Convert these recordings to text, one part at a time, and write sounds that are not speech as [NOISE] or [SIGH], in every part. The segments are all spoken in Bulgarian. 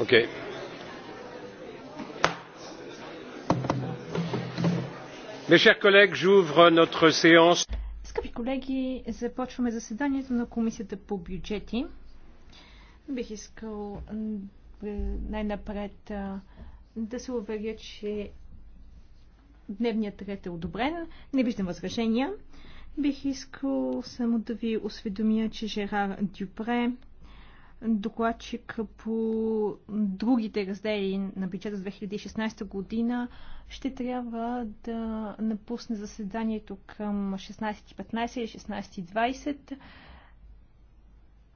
Okay. Mes chers collègues, j'ouvre notre séance. Скъпи колеги, започваме заседанието на Комисията по бюджети. Бих искал е, най-напред е, да се уверя, че дневният ред е одобрен. Не виждам възражения. Бих искал само да ви осведомя, че Жерар Дюпре докладчик по другите раздели на бюджета за 2016 година, ще трябва да напусне заседанието към 16.15 или 16.20.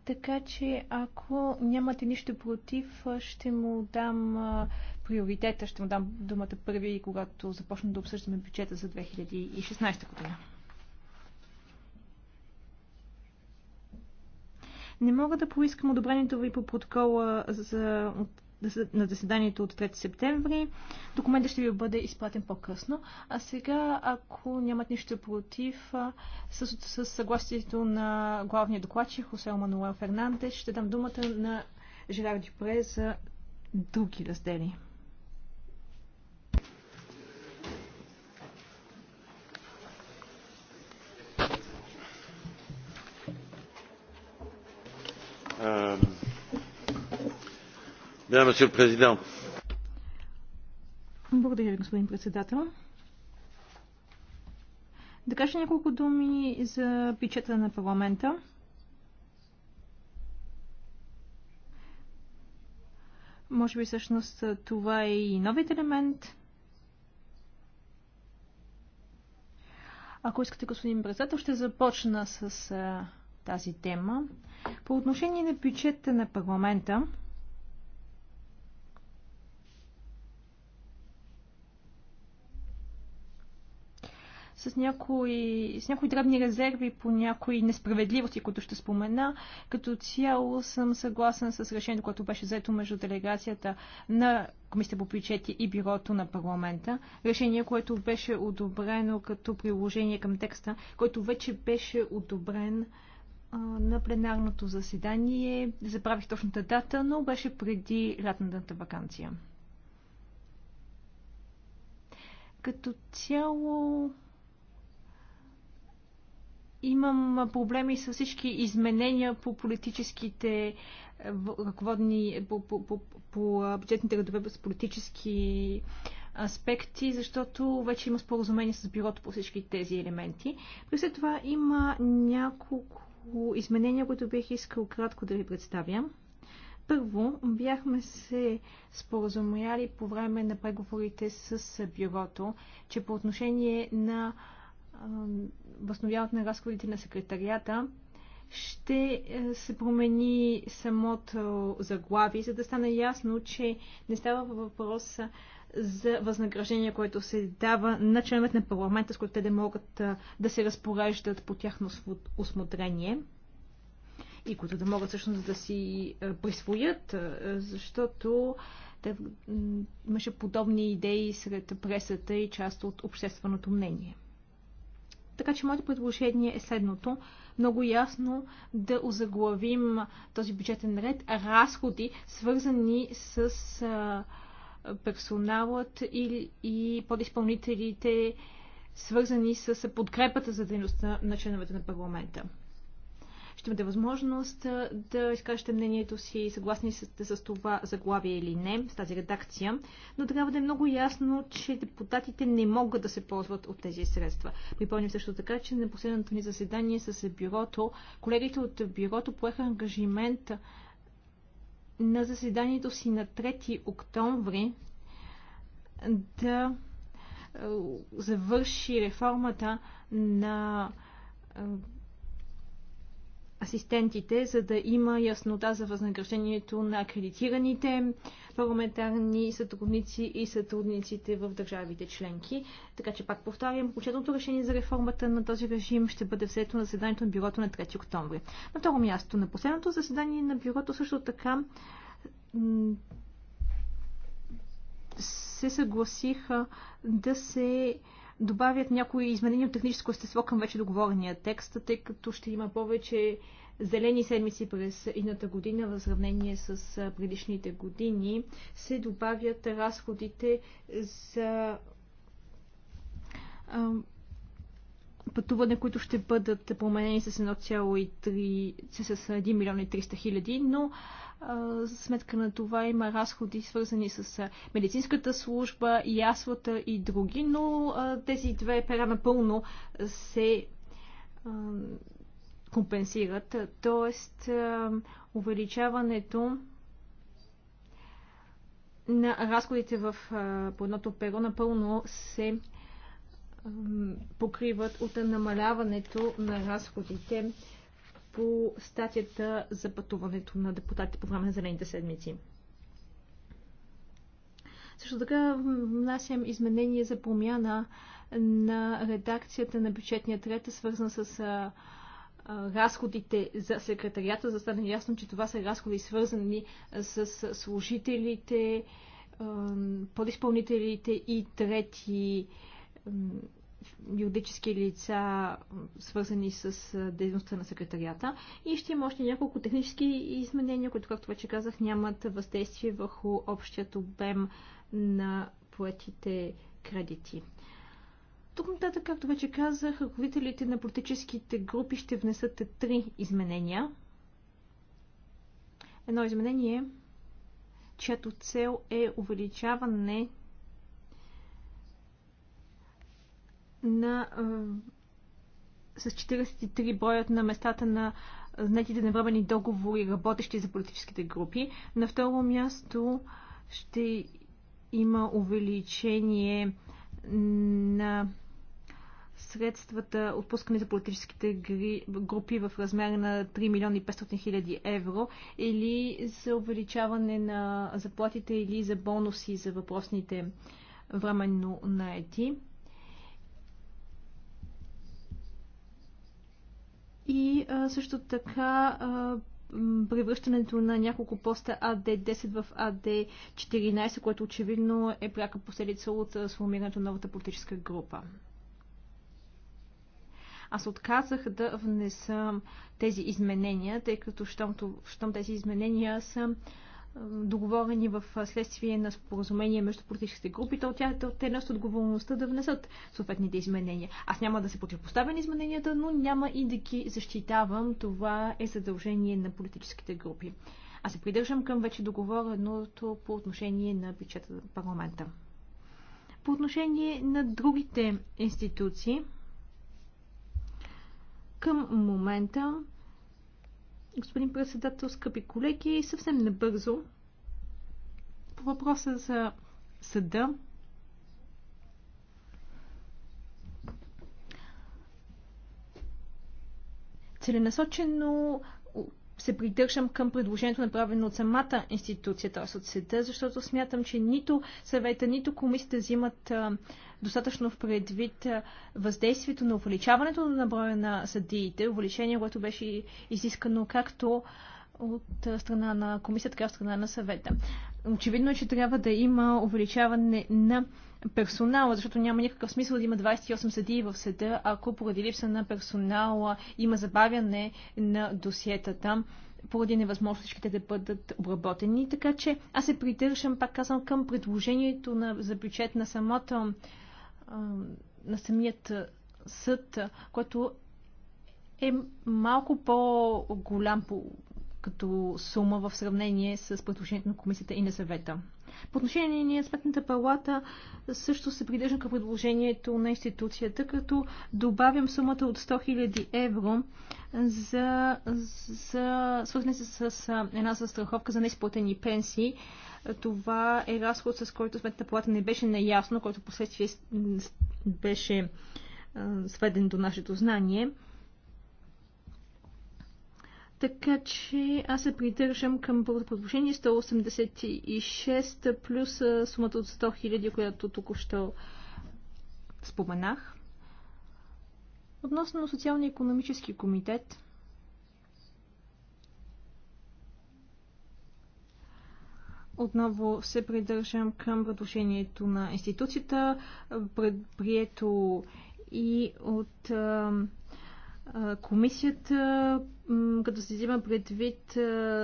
Така че, ако нямате нищо против, ще му дам приоритета, ще му дам думата първи, когато започна да обсъждаме бюджета за 2016 година. Не мога да поискам одобрението ви по протокола за, на заседанието от 3 септември. Документът ще ви бъде изплатен по-късно. А сега, ако нямат нищо против, с, с съгласието на главния докладчик Хосел Мануел Фернандес, ще дам думата на Жерар Дюпре за други раздели. Благодаря ви, господин председател. Да кажа няколко думи за бюджета на парламента. Може би всъщност това е и новият елемент. Ако искате, господин председател, ще започна с тази тема. По отношение на бюджета на парламента, с някои, с някои дребни резерви по някои несправедливости, които ще спомена. Като цяло съм съгласен с решението, което беше взето между делегацията на Комисията по бюджети и бюрото на парламента. Решение, което беше одобрено като приложение към текста, който вече беше одобрен на пленарното заседание. Забравих точната дата, но беше преди лятната вакансия. Като цяло имам проблеми с всички изменения по политическите е, ръководни, по, по, по, по бюджетните редове с политически аспекти, защото вече има споразумение с бюрото по всички тези елементи. При след това има няколко изменения, които бих искал кратко да ви представя. Първо, бяхме се споразумяли по време на преговорите с бюрото, че по отношение на Възновяват на разходите на секретарията, ще е, се промени самото заглави, за да стане ясно, че не става въпрос за възнаграждение, което се дава на членът на парламента, с които те да могат е, да се разпореждат по тяхно осмотрение и които да могат всъщност да си е, присвоят, защото те имаше подобни идеи сред пресата и част от общественото мнение. Така че моето предложение е следното. Много ясно да озаглавим този бюджетен ред разходи, свързани с персоналът и, и подизпълнителите, свързани с подкрепата за дейността на членовете на парламента ще имате възможност да изкажете мнението си, съгласни сте с това заглавие или не, с тази редакция, но трябва да е много ясно, че депутатите не могат да се ползват от тези средства. Припомням също така, че на последното ни заседание с бюрото, колегите от бюрото поеха ангажимент на заседанието си на 3 октомври да завърши реформата на асистентите, за да има яснота за възнаграждението на акредитираните парламентарни сътрудници и сътрудниците в държавите членки. Така че пак повтарям, почетното решение за реформата на този режим ще бъде взето на заседанието на бюрото на 3 октомври. На второ място, на последното заседание на бюрото също така се съгласиха да се добавят някои изменения от техническо естество към вече договорения текст, тъй като ще има повече зелени седмици през едната година в сравнение с предишните години, се добавят разходите за пътуване, които ще бъдат променени с 1,3, с 1 милион и 300 хиляди, но за сметка на това има разходи, свързани с медицинската служба, яслата и други, но тези две пера напълно се компенсират. Тоест, увеличаването на разходите в по едното перо напълно се покриват от намаляването на разходите по статията за пътуването на депутатите по време на зелените седмици. Също така внасям изменение за промяна на редакцията на бюджетния трета, свързан с а, а, разходите за секретарията, за да стане ясно, че това са разходи свързани с служителите, подиспълнителите и трети юридически лица, свързани с дейността на секретарията. И ще има още няколко технически изменения, които, както вече казах, нямат въздействие върху общият обем на поетите кредити. Тук нататък, както вече казах, ръководителите на политическите групи ще внесат три изменения. Едно изменение, чиято цел е увеличаване на с 43 броят на местата на знаетите навремени договори, работещи за политическите групи. На второ място ще има увеличение на средствата, отпускани за политическите групи в размер на 3 милиони 500 хиляди евро или за увеличаване на заплатите или за бонуси за въпросните временно наети. и а, също така а, превръщането на няколко поста АД-10 в АД-14, което очевидно е пряка последица от сформирането на новата политическа група. Аз отказах да внесам тези изменения, тъй като щом, щом тези изменения са договорени в следствие на споразумение между политическите групи, то тя те носят отговорността да внесат съответните изменения. Аз няма да се противопоставя на измененията, но няма и да ги защитавам. Това е задължение на политическите групи. Аз се придържам към вече договореното по отношение на бюджета на парламента. По отношение на другите институции, към момента господин председател, скъпи колеги, съвсем набързо по въпроса за съда. Целенасочено се придържам към предложението, направено от самата институция, т.е. от съда, защото смятам, че нито съвета, нито комисията взимат достатъчно в предвид въздействието на увеличаването на броя на съдиите, увеличение, което беше изискано както от страна на комисията, така от страна на съвета. Очевидно е, че трябва да има увеличаване на персонала, защото няма никакъв смисъл да има 28 съдии в съда, ако поради липса на персонала има забавяне на досиетата поради невъзможностите да бъдат обработени. Така че аз се придържам, пак казвам, към предложението на, за бюджет на самото на самият съд, който е малко по-голям по, като сума в сравнение с предложението на комисията и на съвета. По отношение на Сметната палата също се придържам към предложението на институцията, като добавям сумата от 100 000 евро за, за свързане с, с една застраховка за неизплатени пенсии, това е разход, с който сметната плата не беше наясно, който последствие беше сведен до нашето знание. Така че аз се придържам към първото предложение 186 плюс сумата от 100 000, която току-що споменах. Относно социално-економически комитет, Отново се придържам към предложението на институцията, предприето и от а, а, комисията, като се взима предвид а,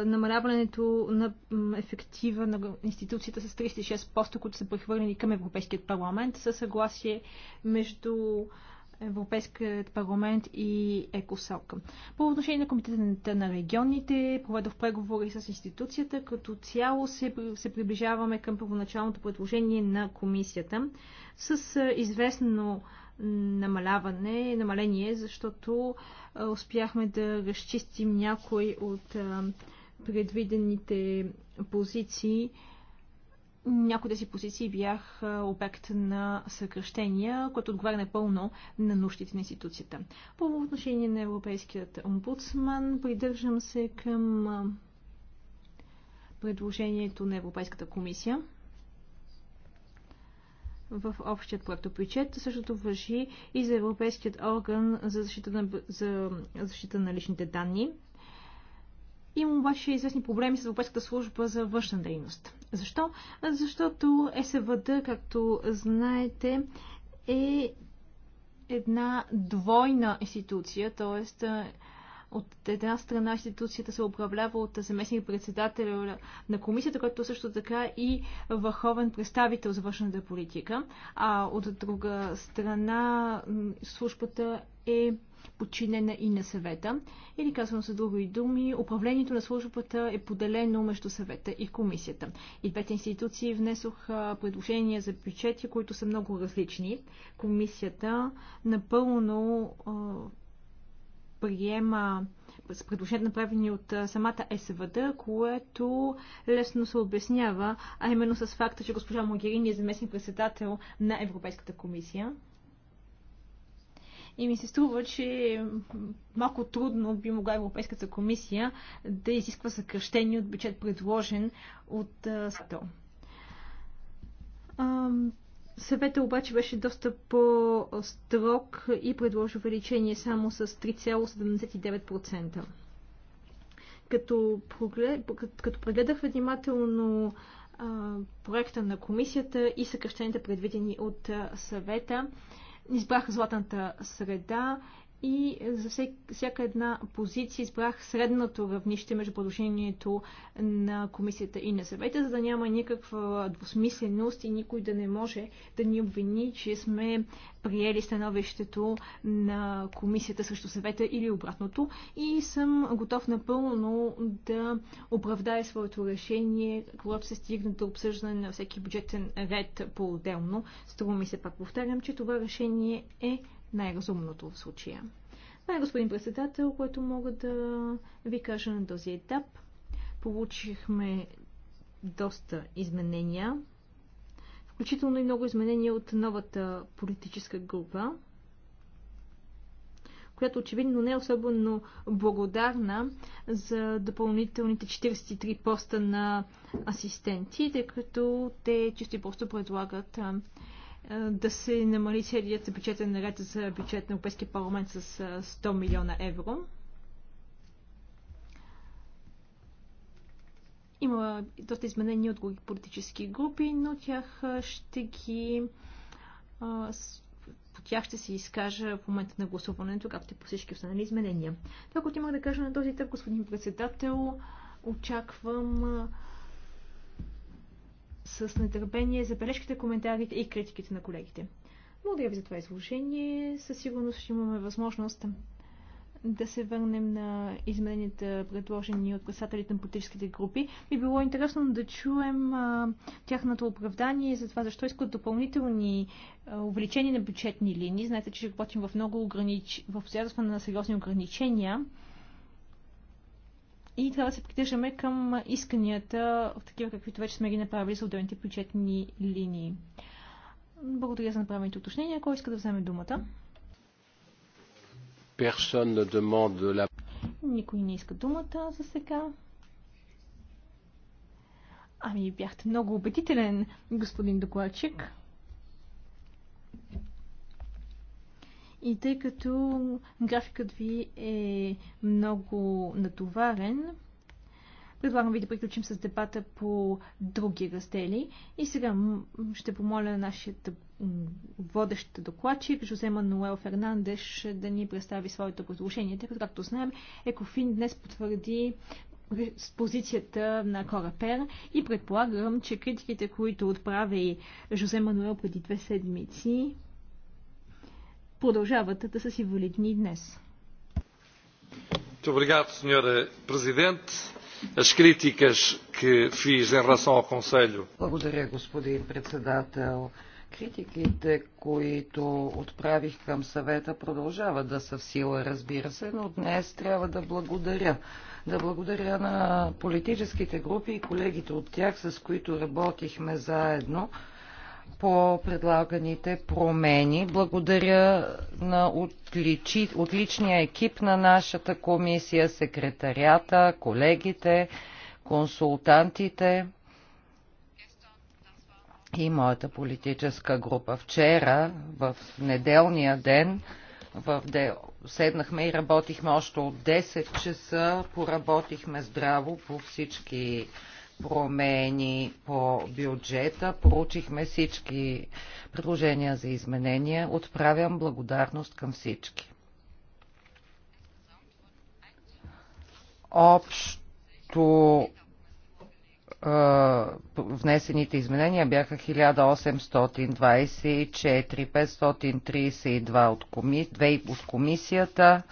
намаляването на ефектива на институцията с 36 поста, които са прехвърлени към Европейският парламент, със съгласие между а, Европейският парламент и ЕКОСОК. По отношение на комитета на регионите, проведох преговори с институцията, като цяло се, се приближаваме към първоначалното предложение на комисията с известно намаляване, намаление, защото успяхме да разчистим някой от предвидените позиции някои тези позиции бях обект на съкръщения, което отговаря напълно на нуждите на институцията. По отношение на Европейският омбудсман, придържам се към предложението на Европейската комисия в общият бюджет. Същото въжи и за Европейският орган за защита на, за защита на личните данни. Има обаче известни проблеми с Европейската служба за външна дейност. Защо? Защото СВД, както знаете, е една двойна институция, т.е. от една страна институцията се управлява от заместник председател на комисията, който също така и върховен представител за външната политика, а от друга страна службата е подчинена и на съвета. Или казвам с други думи, управлението на службата е поделено между съвета и комисията. И двете институции внесох предложения за бюджети, които са много различни. Комисията напълно приема с предложения направени от самата СВД, което лесно се обяснява, а именно с факта, че госпожа Могерини е заместник председател на Европейската комисия и ми се струва, че малко трудно би могла Европейската комисия да изисква съкръщение от бюджет предложен от САТО. Съветът обаче беше доста по-строг и предложи увеличение само с 3,79%. Като, като прегледах внимателно проекта на комисията и съкръщените предвидени от съвета, избраха златната среда и за всяка една позиция избрах средното равнище между продължението на комисията и на съвета, за да няма никаква двусмисленост и никой да не може да ни обвини, че сме приели становището на комисията срещу съвета или обратното. И съм готов напълно да оправдая своето решение, когато се стигне до обсъждане на всеки бюджетен ред по-отделно. Струва ми се пак повтарям, че това решение е най-разумното в случая. Това е, господин председател, което мога да ви кажа на този етап. Получихме доста изменения, включително и много изменения от новата политическа група, която очевидно не е особено благодарна за допълнителните 43 поста на асистенти, тъй като те чисто и просто предлагат да се намали целият бюджетен наред за бюджет на Европейския парламент с 100 милиона евро. Има доста изменения от други политически групи, но тях ще ги по тях ще се изкажа в момента на гласуването, както и по всички останали изменения. Това, което имах да кажа на този етап, господин председател, очаквам с нетърпение забележките, коментарите и критиките на колегите. Благодаря ви за това изложение. Със сигурност ще имаме възможност да се върнем на измененията, предложени от представителите на политическите групи. Би било интересно да чуем а, тяхното оправдание за това, защо искат допълнителни увеличения на бюджетни линии. Знаете, че работим в много ограничения в обстоятелства на сериозни ограничения и трябва да се придържаме към исканията, в такива каквито вече сме ги направили за отделните бюджетни линии. Благодаря за направените уточнения. Кой иска да вземе думата? Никой не иска думата за сега. Ами бяхте много убедителен, господин докладчик. И тъй като графикът ви е много натоварен, предлагам ви да приключим с дебата по други раздели. И сега ще помоля нашия водещ докладчик Жозе Мануел Фернандеш да ни представи своето предложение, тъй като, както знаем, Екофин днес потвърди с позицията на Корапер и предполагам, че критиките, които отправи Жозе Мануел преди две седмици, продължават да са си валидни днес. Obrigado, Presidente. As críticas que fiz em relação ao Conselho. Благодаря, господин председател. Критиките, които отправих към съвета, продължават да са в сила, разбира се, но днес трябва да благодаря. Да благодаря на политическите групи и колегите от тях, с които работихме заедно по предлаганите промени. Благодаря на отличи, отличния екип на нашата комисия, секретарията, колегите, консултантите и моята политическа група. Вчера, в неделния ден, в де... седнахме и работихме още от 10 часа, поработихме здраво по всички промени по бюджета. Поручихме всички предложения за изменения. Отправям благодарност към всички. Общо внесените изменения бяха 1824, 532 от, коми... от комисията,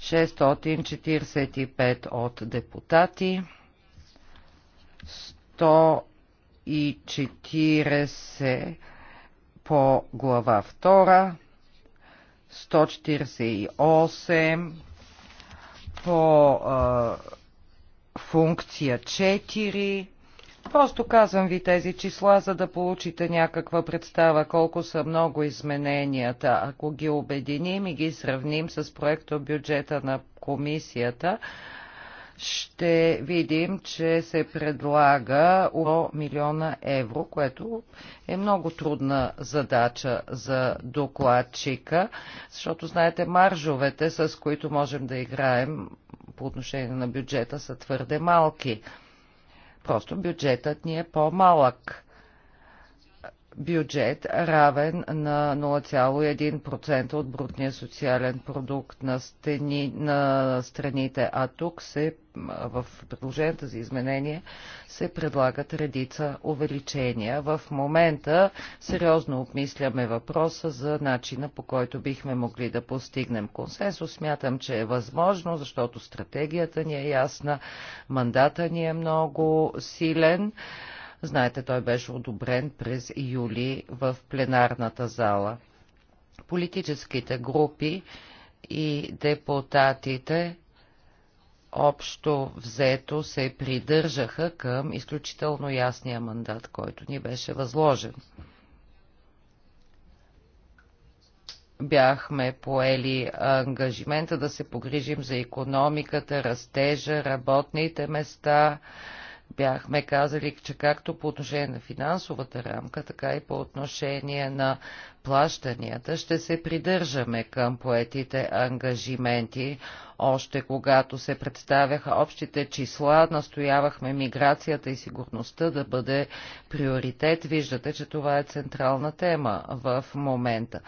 645 от депутати. 140 по глава 2, 148 по а, функция 4. Просто казвам ви тези числа, за да получите някаква представа колко са много измененията. Ако ги обединим и ги сравним с проекто бюджета на комисията, ще видим, че се предлага 100 милиона евро, което е много трудна задача за докладчика, защото знаете, маржовете, с които можем да играем по отношение на бюджета, са твърде малки. Просто бюджетът ни е по-малък бюджет равен на 0,1% от брутния социален продукт на, стени, на страните, а тук се, в предложенията за изменение се предлагат редица увеличения. В момента сериозно обмисляме въпроса за начина по който бихме могли да постигнем консенсус. Смятам, че е възможно, защото стратегията ни е ясна, мандата ни е много силен. Знаете, той беше одобрен през юли в пленарната зала. Политическите групи и депутатите общо взето се придържаха към изключително ясния мандат, който ни беше възложен. Бяхме поели ангажимента да се погрижим за економиката, растежа, работните места, Бяхме казали, че както по отношение на финансовата рамка, така и по отношение на плащанията ще се придържаме към поетите ангажименти. Още когато се представяха общите числа, настоявахме миграцията и сигурността да бъде приоритет. Виждате, че това е централна тема в момента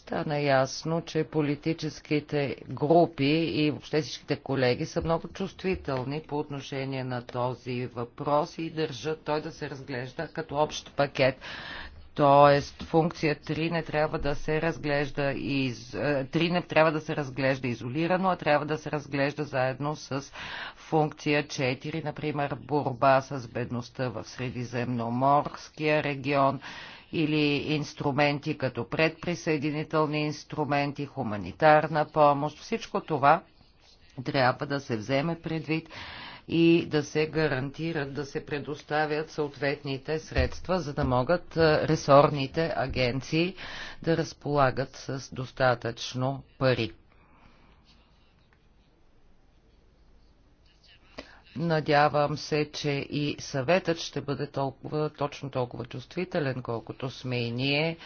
стана ясно, че политическите групи и въобще всичките колеги са много чувствителни по отношение на този въпрос и държат той да се разглежда като общ пакет. Тоест, функция 3 не трябва да се разглежда из... 3 е, не трябва да се разглежда изолирано, а трябва да се разглежда заедно с функция 4, например, борба с бедността в Средиземноморския регион или инструменти като предприсъединителни инструменти, хуманитарна помощ. Всичко това трябва да се вземе предвид и да се гарантират, да се предоставят съответните средства, за да могат е, ресорните агенции да разполагат с достатъчно пари. Надявам се, че и съветът ще бъде толкова, точно толкова чувствителен, колкото сме и ние,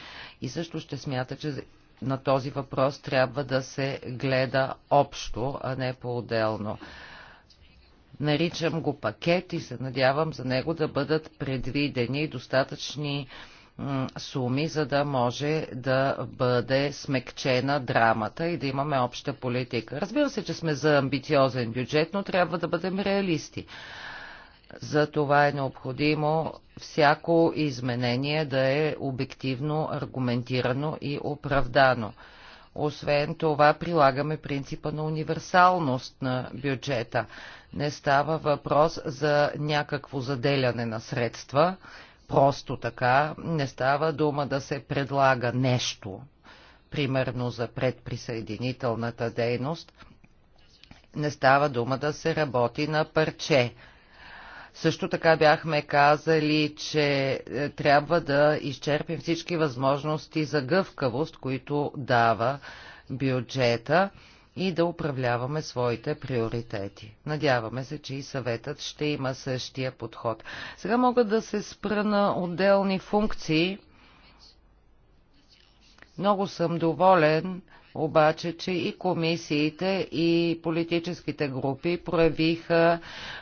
и също ще смята, че на този въпрос трябва да се гледа общо, а не по-отделно. Наричам го пакет и се надявам за него да бъдат предвидени достатъчни суми, за да може да бъде смекчена драмата и да имаме обща политика. Разбира се, че сме за амбициозен бюджет, но трябва да бъдем реалисти. За това е необходимо всяко изменение да е обективно, аргументирано и оправдано. Освен това, прилагаме принципа на универсалност на бюджета. Не става въпрос за някакво заделяне на средства, просто така. Не става дума да се предлага нещо, примерно за предприсъединителната дейност. Не става дума да се работи на парче. Също така бяхме казали, че е, трябва да изчерпим всички възможности за гъвкавост, които дава бюджета и да управляваме своите приоритети. Надяваме се, че и съветът ще има същия подход. Сега мога да се спра на отделни функции. Много съм доволен, обаче, че и комисиите, и политическите групи проявиха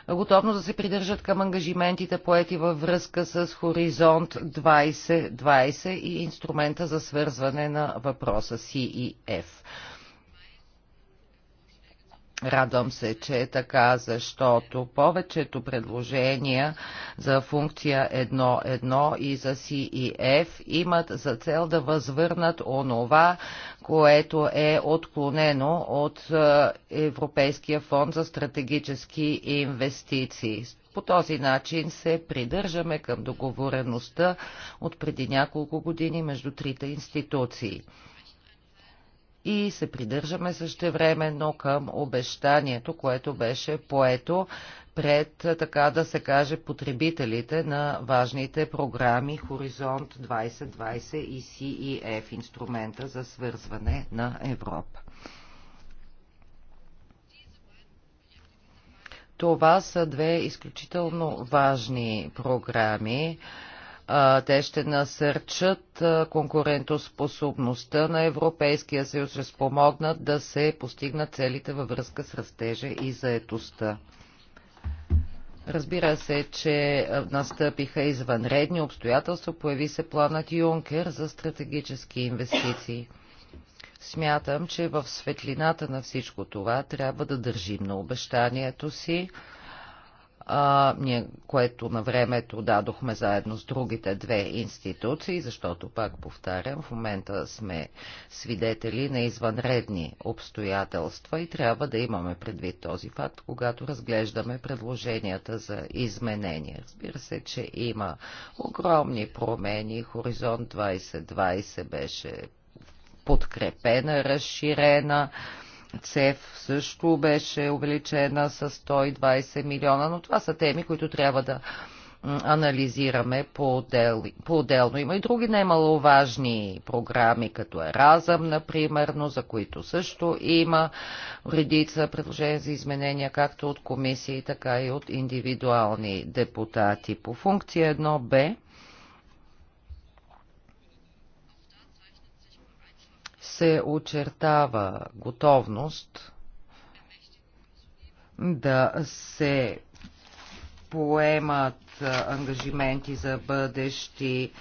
готовност да се придържат към ангажиментите поети във връзка с Хоризонт 2020 и инструмента за свързване на въпроса CEF. Радвам се, че е така, защото повечето предложения за функция 1.1 и за CEF имат за цел да възвърнат онова, което е отклонено от е, Европейския фонд за стратегически инвестиции. По този начин се придържаме към договореността от преди няколко години между трите институции и се придържаме същевременно към обещанието, което беше поето пред, така да се каже, потребителите на важните програми Хоризонт 2020 и CEF, инструмента за свързване на Европа. Това са две изключително важни програми. Те ще насърчат конкурентоспособността на Европейския съюз, ще спомогнат да се постигнат целите във връзка с растежа и заетостта. Разбира се, че настъпиха извънредни обстоятелства, появи се планът Юнкер за стратегически инвестиции. Смятам, че в светлината на всичко това трябва да държим на обещанието си а, ние, което на времето дадохме заедно с другите две институции, защото, пак повтарям, в момента сме свидетели на извънредни обстоятелства и трябва да имаме предвид този факт, когато разглеждаме предложенията за изменения. Разбира се, че има огромни промени. Хоризонт 2020 беше подкрепена, разширена. ЦЕФ също беше увеличена с 120 милиона, но това са теми, които трябва да анализираме по-отделно. Има и други немаловажни програми, като Еразъм, например, но за които също има редица предложения за изменения, както от комисии, така и от индивидуални депутати. По функция 1Б се очертава готовност да се поемат ангажименти за бъдещи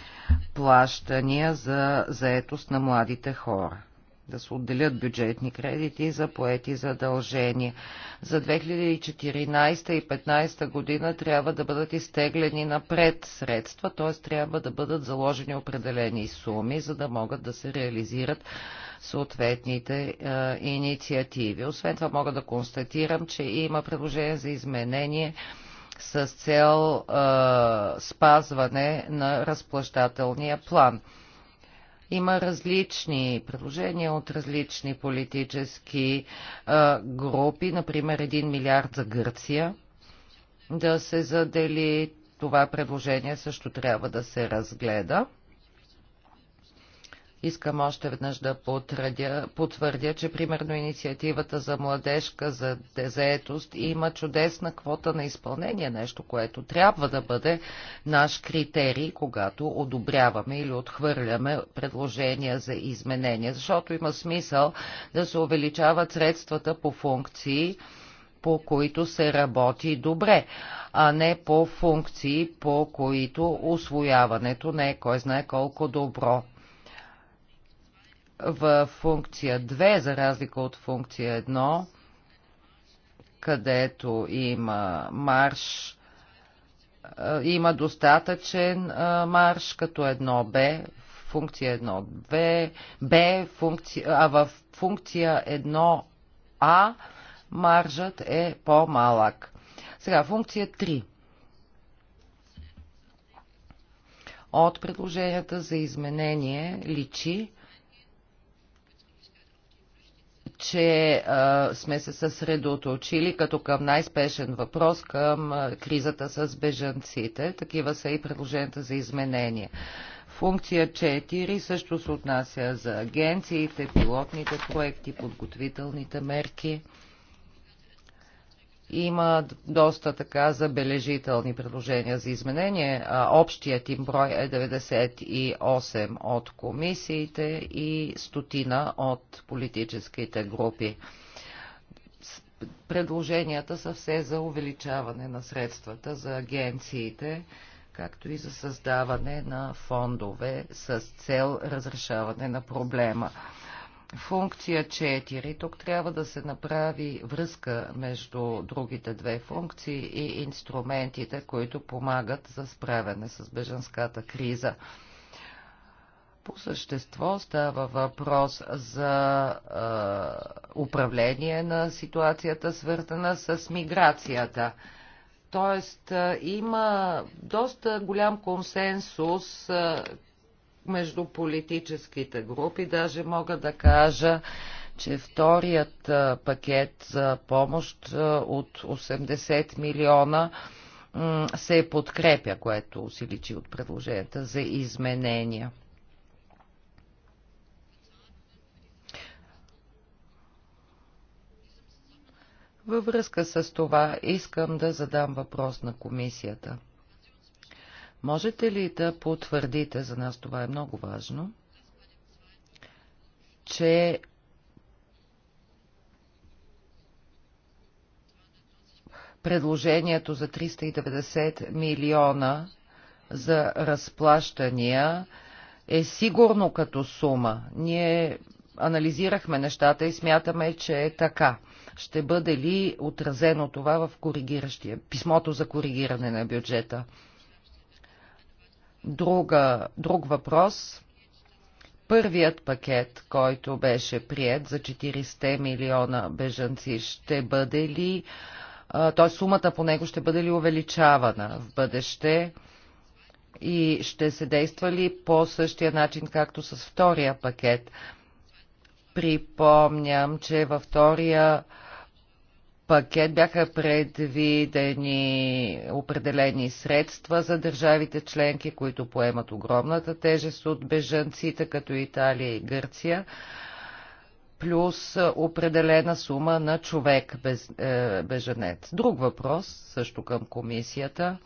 плащания за заетост на младите хора да се отделят бюджетни кредити за поети задължения. За 2014 и 2015 година трябва да бъдат изтеглени напред средства, т.е. трябва да бъдат заложени определени суми, за да могат да се реализират съответните е, инициативи. Освен това мога да констатирам, че има предложение за изменение с цел е, спазване на разплащателния план. Има различни предложения от различни политически а, групи, например 1 милиард за Гърция да се задели. Това предложение също трябва да се разгледа. Искам още веднъж да потвърдя, потвърдя че примерно инициативата за младежка за дезетост има чудесна квота на изпълнение, нещо, което трябва да бъде наш критерий, когато одобряваме или отхвърляме предложения за изменения, защото има смисъл да се увеличават средствата по функции, по които се работи добре, а не по функции, по които освояването не е кой знае колко добро в функция 2, за разлика от функция 1, където има марш, е, има достатъчен е, марш като 1Б, функция 1Б, B, функция, а в функция 1А маржът е по-малък. Сега функция 3. От предложенията за изменение личи, че а, сме се съсредоточили като към най-спешен въпрос към а, кризата с бежанците. Такива са и предложенията за изменения. Функция 4 също се отнася за агенциите, пилотните проекти, подготвителните мерки. Има доста така забележителни предложения за изменение. Общият им брой е 98 от комисиите и стотина от политическите групи. Предложенията са все за увеличаване на средствата за агенциите, както и за създаване на фондове с цел разрешаване на проблема функция 4. Тук трябва да се направи връзка между другите две функции и инструментите, които помагат за справяне с беженската криза. По същество става въпрос за е, управление на ситуацията, свъртана с миграцията. Тоест, е, има доста голям консенсус, е, между политическите групи. Даже мога да кажа, че вторият пакет за помощ от 80 милиона се подкрепя, което се личи от предложенията за изменения. Във връзка с това искам да задам въпрос на комисията. Можете ли да потвърдите, за нас това е много важно, че предложението за 390 милиона за разплащания е сигурно като сума. Ние анализирахме нещата и смятаме, че е така. Ще бъде ли отразено това в коригиращия, писмото за коригиране на бюджета? друга, друг въпрос. Първият пакет, който беше прият за 40 милиона бежанци, ще бъде ли, т.е. сумата по него ще бъде ли увеличавана в бъдеще и ще се действа ли по същия начин, както с втория пакет? Припомням, че във втория пакет бяха предвидени определени средства за държавите членки, които поемат огромната тежест от бежанците, като Италия и Гърция, плюс определена сума на човек без, е, бежанец. Друг въпрос, също към комисията.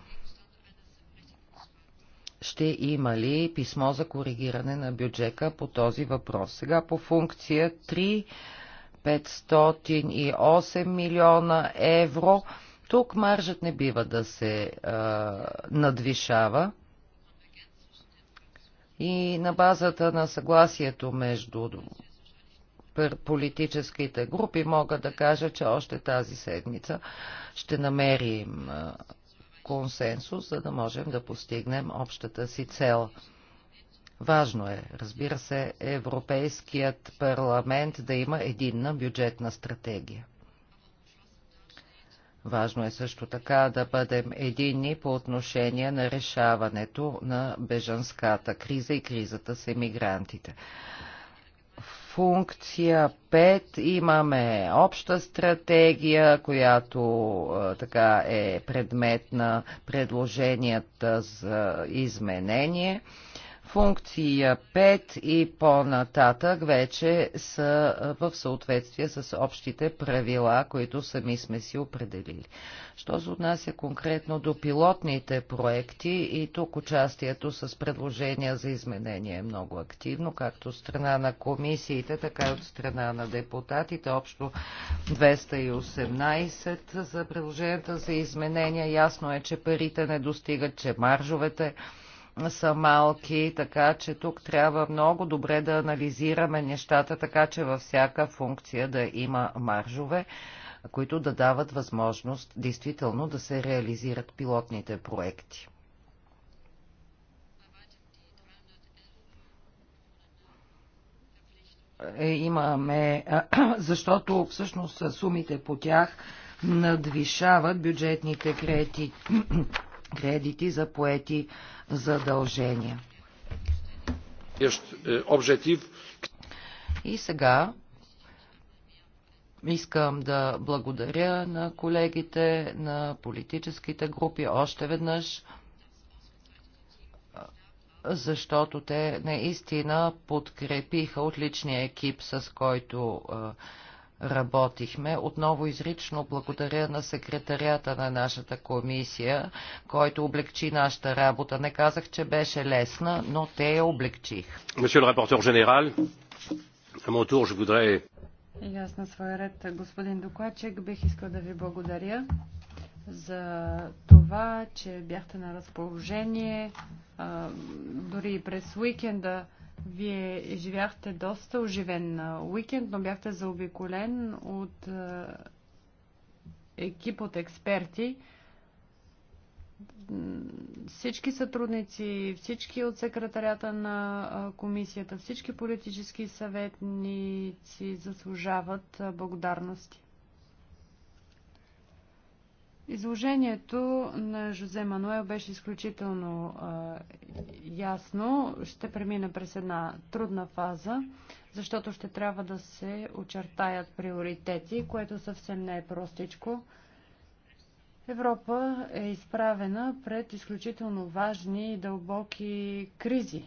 Ще има ли писмо за коригиране на бюджета по този въпрос? Сега по функция 3 508 милиона евро. Тук маржът не бива да се а, надвишава. И на базата на съгласието между политическите групи мога да кажа, че още тази седмица ще намерим консенсус, за да можем да постигнем общата си цел. Важно е, разбира се, Европейският парламент да има единна бюджетна стратегия. Важно е също така да бъдем единни по отношение на решаването на бежанската криза и кризата с емигрантите. Функция 5 имаме обща стратегия, която така е предмет на предложенията за изменение. Функция 5 и по-нататък вече са в съответствие с общите правила, които сами сме си определили. Що се отнася конкретно до пилотните проекти и тук участието с предложения за изменение е много активно, както от страна на комисиите, така и от страна на депутатите. Общо 218 за предложенията за изменения. Ясно е, че парите не достигат, че маржовете са малки, така че тук трябва много добре да анализираме нещата, така че във всяка функция да има маржове, които да дават възможност действително да се реализират пилотните проекти. Е, имаме, [CLEARS THROAT] защото всъщност сумите по тях надвишават бюджетните кредити [CLEARS THROAT] кредити за поети задължения. Е, И сега Искам да благодаря на колегите, на политическите групи още веднъж, защото те наистина подкрепиха отличния екип, с който е, работихме. Отново изрично благодаря на секретарията на нашата комисия, който облегчи нашата работа. Не казах, че беше лесна, но те я облегчих. Monsieur le rapporteur général, à mon tour, voudrais... И аз на своя ред, господин докладчик, бих искал да ви благодаря за това, че бяхте на разположение дори и през уикенда. Вие живяхте доста оживен уикенд, но бяхте заобиколен от екип от експерти. Всички сътрудници, всички от секретарята на комисията, всички политически съветници заслужават благодарности. Изложението на Жозе Мануел беше изключително а, ясно. Ще премина през една трудна фаза, защото ще трябва да се очертаят приоритети, което съвсем не е простичко. Европа е изправена пред изключително важни и дълбоки кризи.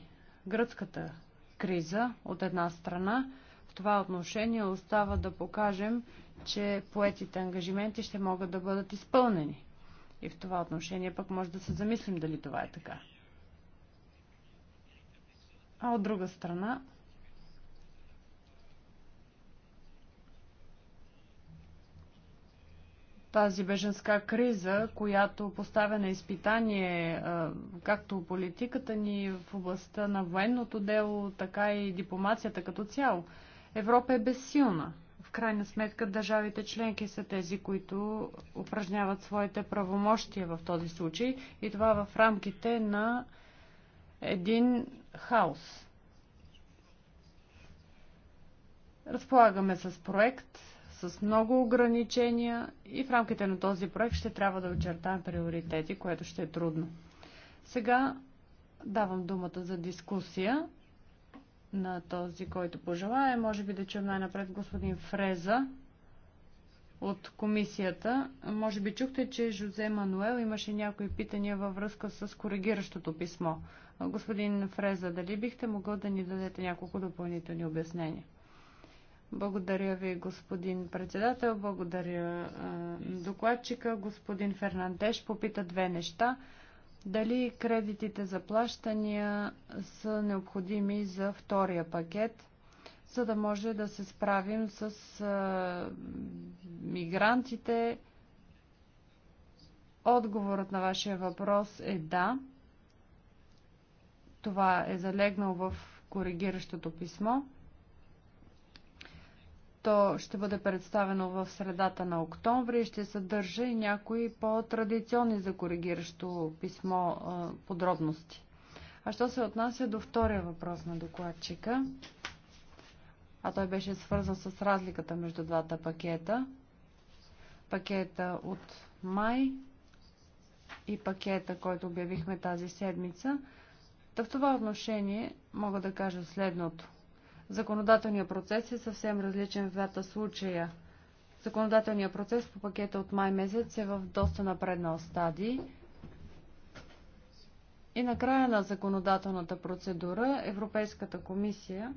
Гръцката криза от една страна. В това отношение остава да покажем, че поетите ангажименти ще могат да бъдат изпълнени. И в това отношение пък може да се замислим дали това е така. А от друга страна, тази беженска криза, която поставя на изпитание както политиката ни в областта на военното дело, така и дипломацията като цяло. Европа е безсилна в крайна сметка държавите членки са тези, които упражняват своите правомощия в този случай и това е в рамките на един хаос. Разполагаме с проект, с много ограничения и в рамките на този проект ще трябва да очертаем приоритети, което ще е трудно. Сега давам думата за дискусия на този, който пожелая. Може би да чуем най-напред господин Фреза от комисията. Може би чухте, че Жозе Мануел имаше някои питания във връзка с коригиращото писмо. Господин Фреза, дали бихте могъл да ни дадете няколко допълнителни обяснения? Благодаря ви, господин председател. Благодаря докладчика. Господин Фернандеш попита две неща – дали кредитите за плащания са необходими за втория пакет, за да може да се справим с мигрантите. Отговорът на вашия въпрос е да. Това е залегнал в коригиращото писмо. То ще бъде представено в средата на октомври и ще съдържа и някои по-традиционни за коригиращо писмо подробности. А що се отнася до втория въпрос на докладчика, а той беше свързан с разликата между двата пакета, пакета от май и пакета, който обявихме тази седмица, Та в това отношение мога да кажа следното – Законодателният процес е съвсем различен в двата случая. Законодателният процес по пакета от май месец е в доста напреднал стадий. И на края на законодателната процедура Европейската комисия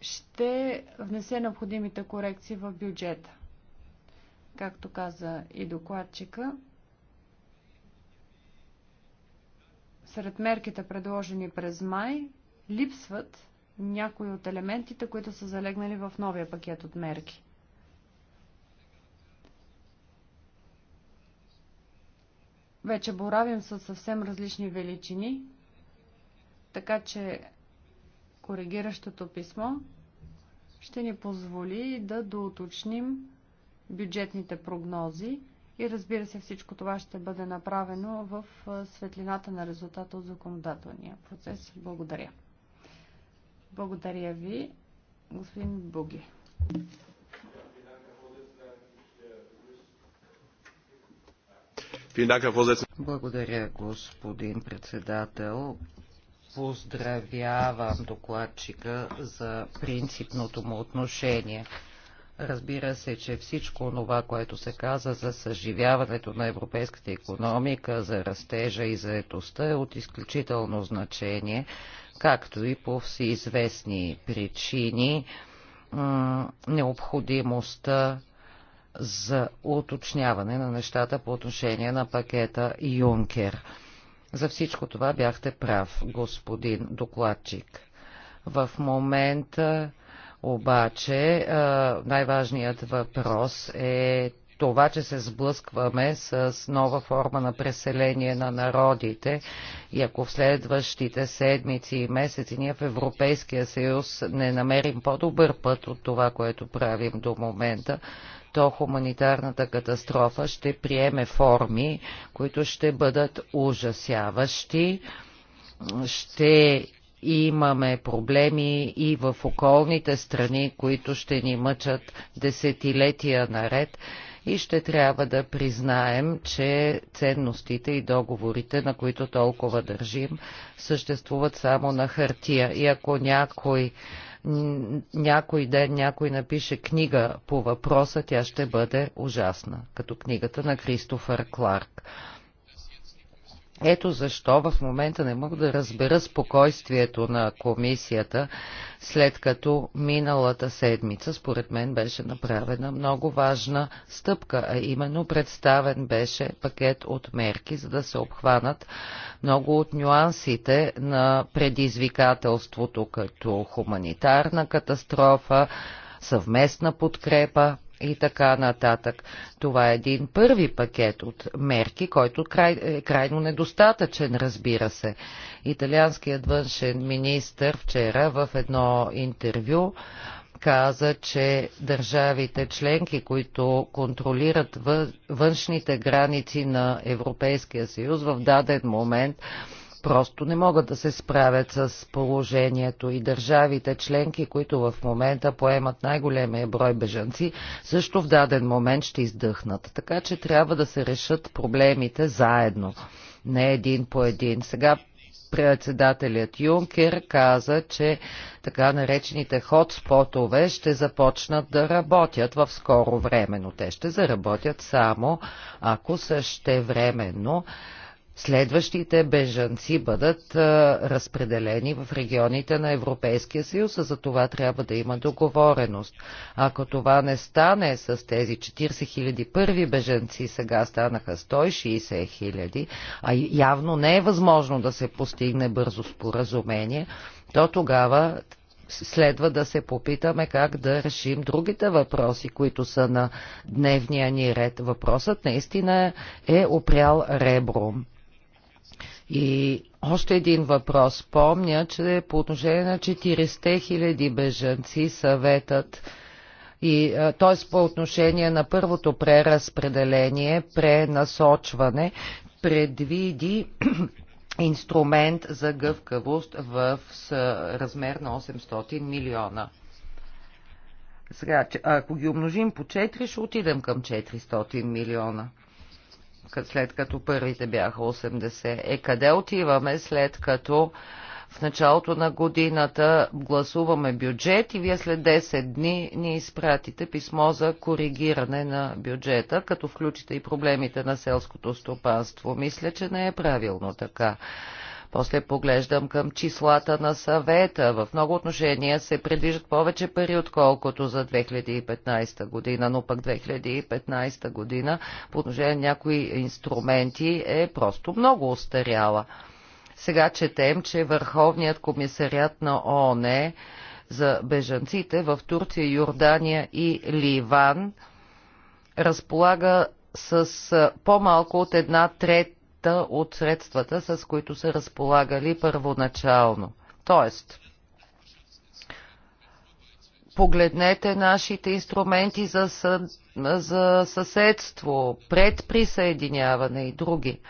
ще внесе необходимите корекции в бюджета. Както каза и докладчика, сред мерките предложени през май липсват някои от елементите, които са залегнали в новия пакет от мерки. Вече боравим с съвсем различни величини, така че коригиращото писмо ще ни позволи да доуточним бюджетните прогнози и разбира се всичко това ще бъде направено в светлината на резултата от законодателния процес. Благодаря. Благодаря ви, господин Буги. Благодаря, господин председател. Поздравявам докладчика за принципното му отношение. Разбира се, че всичко това, което се каза за съживяването на европейската економика, за растежа и заетостта е от изключително значение както и по всеизвестни причини необходимостта за уточняване на нещата по отношение на пакета Юнкер. За всичко това бяхте прав, господин докладчик. В момента обаче най-важният въпрос е това, че се сблъскваме с нова форма на преселение на народите и ако в следващите седмици и месеци ние в Европейския съюз не намерим по-добър път от това, което правим до момента, то хуманитарната катастрофа ще приеме форми, които ще бъдат ужасяващи, ще имаме проблеми и в околните страни, които ще ни мъчат десетилетия наред и ще трябва да признаем, че ценностите и договорите, на които толкова държим, съществуват само на хартия. И ако някой някой ден някой напише книга по въпроса, тя ще бъде ужасна, като книгата на Кристофър Кларк. Ето защо в момента не мога да разбера спокойствието на комисията, след като миналата седмица, според мен, беше направена много важна стъпка, а именно представен беше пакет от мерки, за да се обхванат много от нюансите на предизвикателството, като хуманитарна катастрофа, съвместна подкрепа, и така нататък. Това е един първи пакет от мерки, който край, е крайно недостатъчен, разбира се. Италианският външен министр вчера в едно интервю каза, че държавите членки, които контролират външните граници на Европейския съюз в даден момент, просто не могат да се справят с положението и държавите членки, които в момента поемат най-големия брой бежанци, също в даден момент ще издъхнат. Така че трябва да се решат проблемите заедно, не един по един. Сега председателят Юнкер каза, че така наречените хотспотове ще започнат да работят в скоро време, но те ще заработят само ако също времено следващите бежанци бъдат а, разпределени в регионите на Европейския съюз, а за това трябва да има договореност. Ако това не стане с тези 40 000 първи бежанци, сега станаха 160 000, а явно не е възможно да се постигне бързо споразумение, то тогава следва да се попитаме как да решим другите въпроси, които са на дневния ни ред. Въпросът наистина е опрял ребром. И още един въпрос. Помня, че по отношение на 40 хиляди бежанци съветът и, т.е. по отношение на първото преразпределение, пренасочване, предвиди [CLEARS THROAT] инструмент за гъвкавост в размер на 800 милиона. Сега, ако ги умножим по 4, ще отидем към 400 милиона след като първите бяха 80. Е, къде отиваме след като в началото на годината гласуваме бюджет и вие след 10 дни ни изпратите писмо за коригиране на бюджета, като включите и проблемите на селското стопанство. Мисля, че не е правилно така. После поглеждам към числата на съвета. В много отношения се предвиждат повече пари, отколкото за 2015 година, но пък 2015 година по отношение на някои инструменти е просто много устаряла. Сега четем, че Върховният комисарят на ООН за бежанците в Турция, Йордания и Ливан разполага с по-малко от една трет частта от средствата, с които са разполагали първоначално. Тоест, погледнете нашите инструменти за, съ... за съседство, предприсъединяване и други.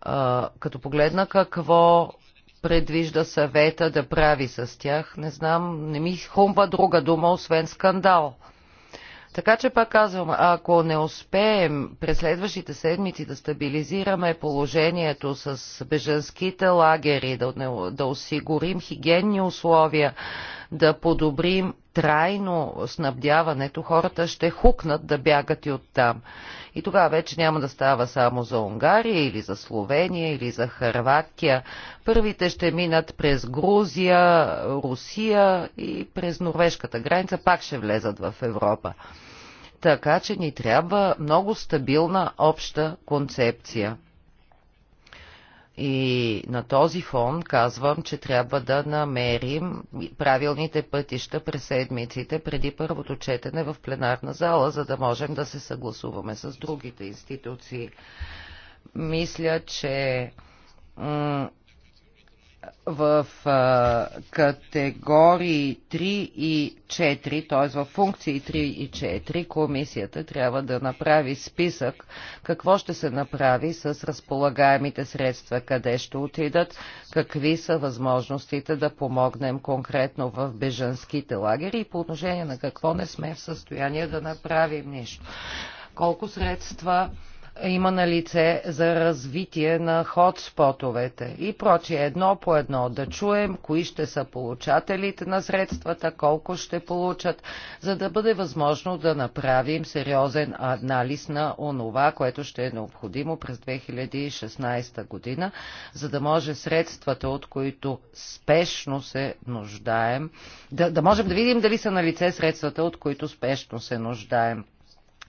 А, като погледна какво предвижда съвета да прави с тях, не знам, не ми хумва друга дума, освен скандал. Така че пак казвам, ако не успеем през следващите седмици да стабилизираме положението с беженските лагери, да, да осигурим хигиенни условия, да подобрим трайно снабдяването, хората ще хукнат да бягат и оттам. И тогава вече няма да става само за Унгария или за Словения или за Харватия. Първите ще минат през Грузия, Русия и през норвежката граница, пак ще влезат в Европа така че ни трябва много стабилна обща концепция. И на този фон казвам, че трябва да намерим правилните пътища през седмиците преди първото четене в пленарна зала, за да можем да се съгласуваме с другите институции. Мисля, че в а, категории 3 и 4, т.е. в функции 3 и 4, комисията трябва да направи списък какво ще се направи с разполагаемите средства, къде ще отидат, какви са възможностите да помогнем конкретно в бежанските лагери и по отношение на какво не сме в състояние да направим нищо. Колко средства има на лице за развитие на ходспотовете и прочие едно по едно да чуем кои ще са получателите на средствата, колко ще получат, за да бъде възможно да направим сериозен анализ на онова, което ще е необходимо през 2016 година, за да може средствата, от които спешно се нуждаем, да, да можем да видим дали са на лице средствата, от които спешно се нуждаем.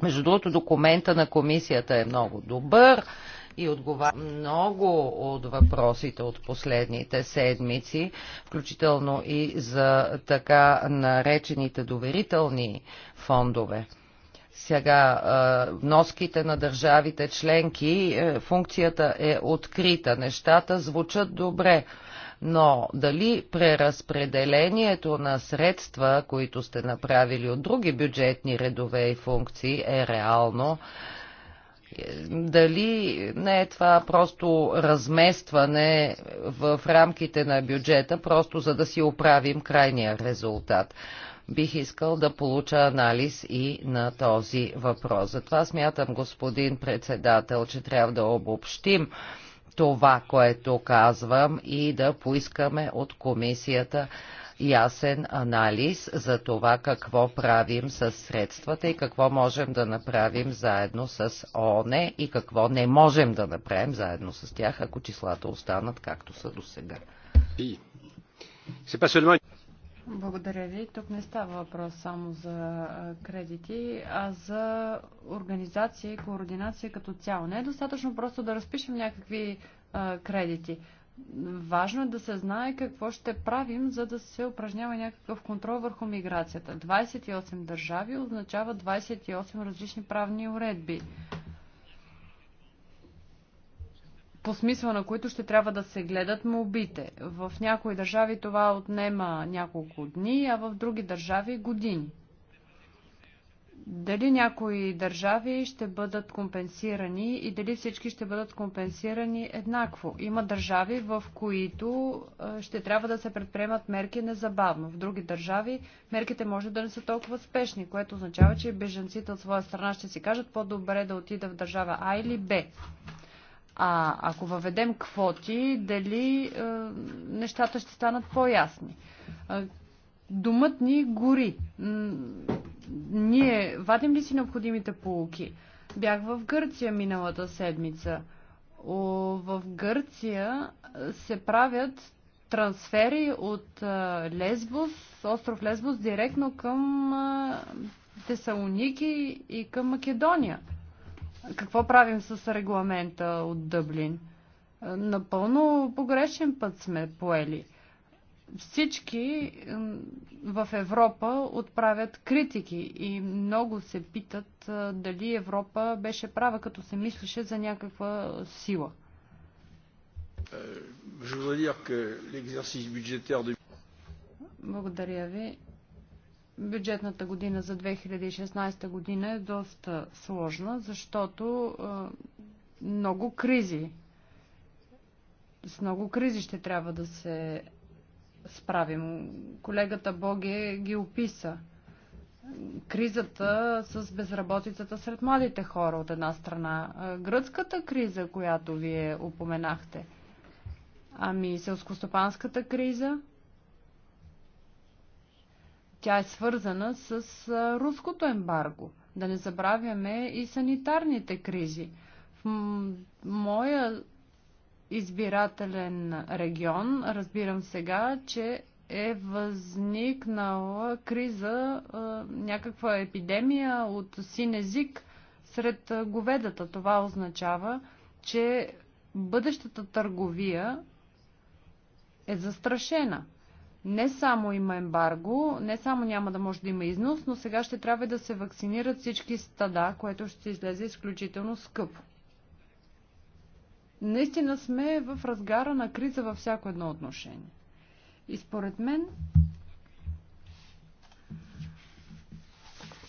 Между другото, документа на комисията е много добър и отговаря много от въпросите от последните седмици, включително и за така наречените доверителни фондове. Сега вноските на държавите членки, е, функцията е открита, нещата звучат добре но дали преразпределението на средства, които сте направили от други бюджетни редове и функции е реално, дали не е това просто разместване в рамките на бюджета, просто за да си оправим крайния резултат. Бих искал да получа анализ и на този въпрос. Затова смятам, господин председател, че трябва да обобщим това, което казвам и да поискаме от комисията ясен анализ за това какво правим с средствата и какво можем да направим заедно с ОНЕ и какво не можем да направим заедно с тях, ако числата останат както са до сега. Благодаря ви. Тук не става въпрос само за кредити, а за организация и координация като цяло. Не е достатъчно просто да разпишем някакви а, кредити. Важно е да се знае какво ще правим, за да се упражнява някакъв контрол върху миграцията. 28 държави означава 28 различни правни уредби по смисъл, на които ще трябва да се гледат молбите. В някои държави това отнема няколко дни, а в други държави години. Дали някои държави ще бъдат компенсирани и дали всички ще бъдат компенсирани еднакво? Има държави, в които ще трябва да се предприемат мерки незабавно. В други държави мерките може да не са толкова спешни, което означава, че беженците от своя страна ще си кажат по-добре да отида в държава А или Б. А ако въведем квоти, дали е, нещата ще станат по-ясни? Е, думът ни гори. Ние вадим ли си необходимите полуки? Бях в Гърция миналата седмица. О, в Гърция се правят трансфери от е, Лесбос, остров Лесбос, директно към е, Тесалоники и към Македония. Какво правим с регламента от Дъблин? Е, напълно погрешен път сме поели. Всички в Европа отправят критики и много се питат е, дали Европа беше права, като се мислеше за някаква сила. Е, Благодаря ви бюджетната година за 2016 година е доста сложна, защото много кризи, с много кризи ще трябва да се справим. Колегата Боге ги описа. Кризата с безработицата сред младите хора от една страна. Гръцката криза, която вие упоменахте. Ами селскостопанската криза, тя е свързана с руското ембарго. Да не забравяме и санитарните кризи. В моя избирателен регион разбирам сега, че е възникнала криза, някаква епидемия от син език сред говедата. Това означава, че бъдещата търговия е застрашена не само има ембарго, не само няма да може да има износ, но сега ще трябва да се вакцинират всички стада, което ще излезе изключително скъпо. Наистина сме в разгара на криза във всяко едно отношение. И според мен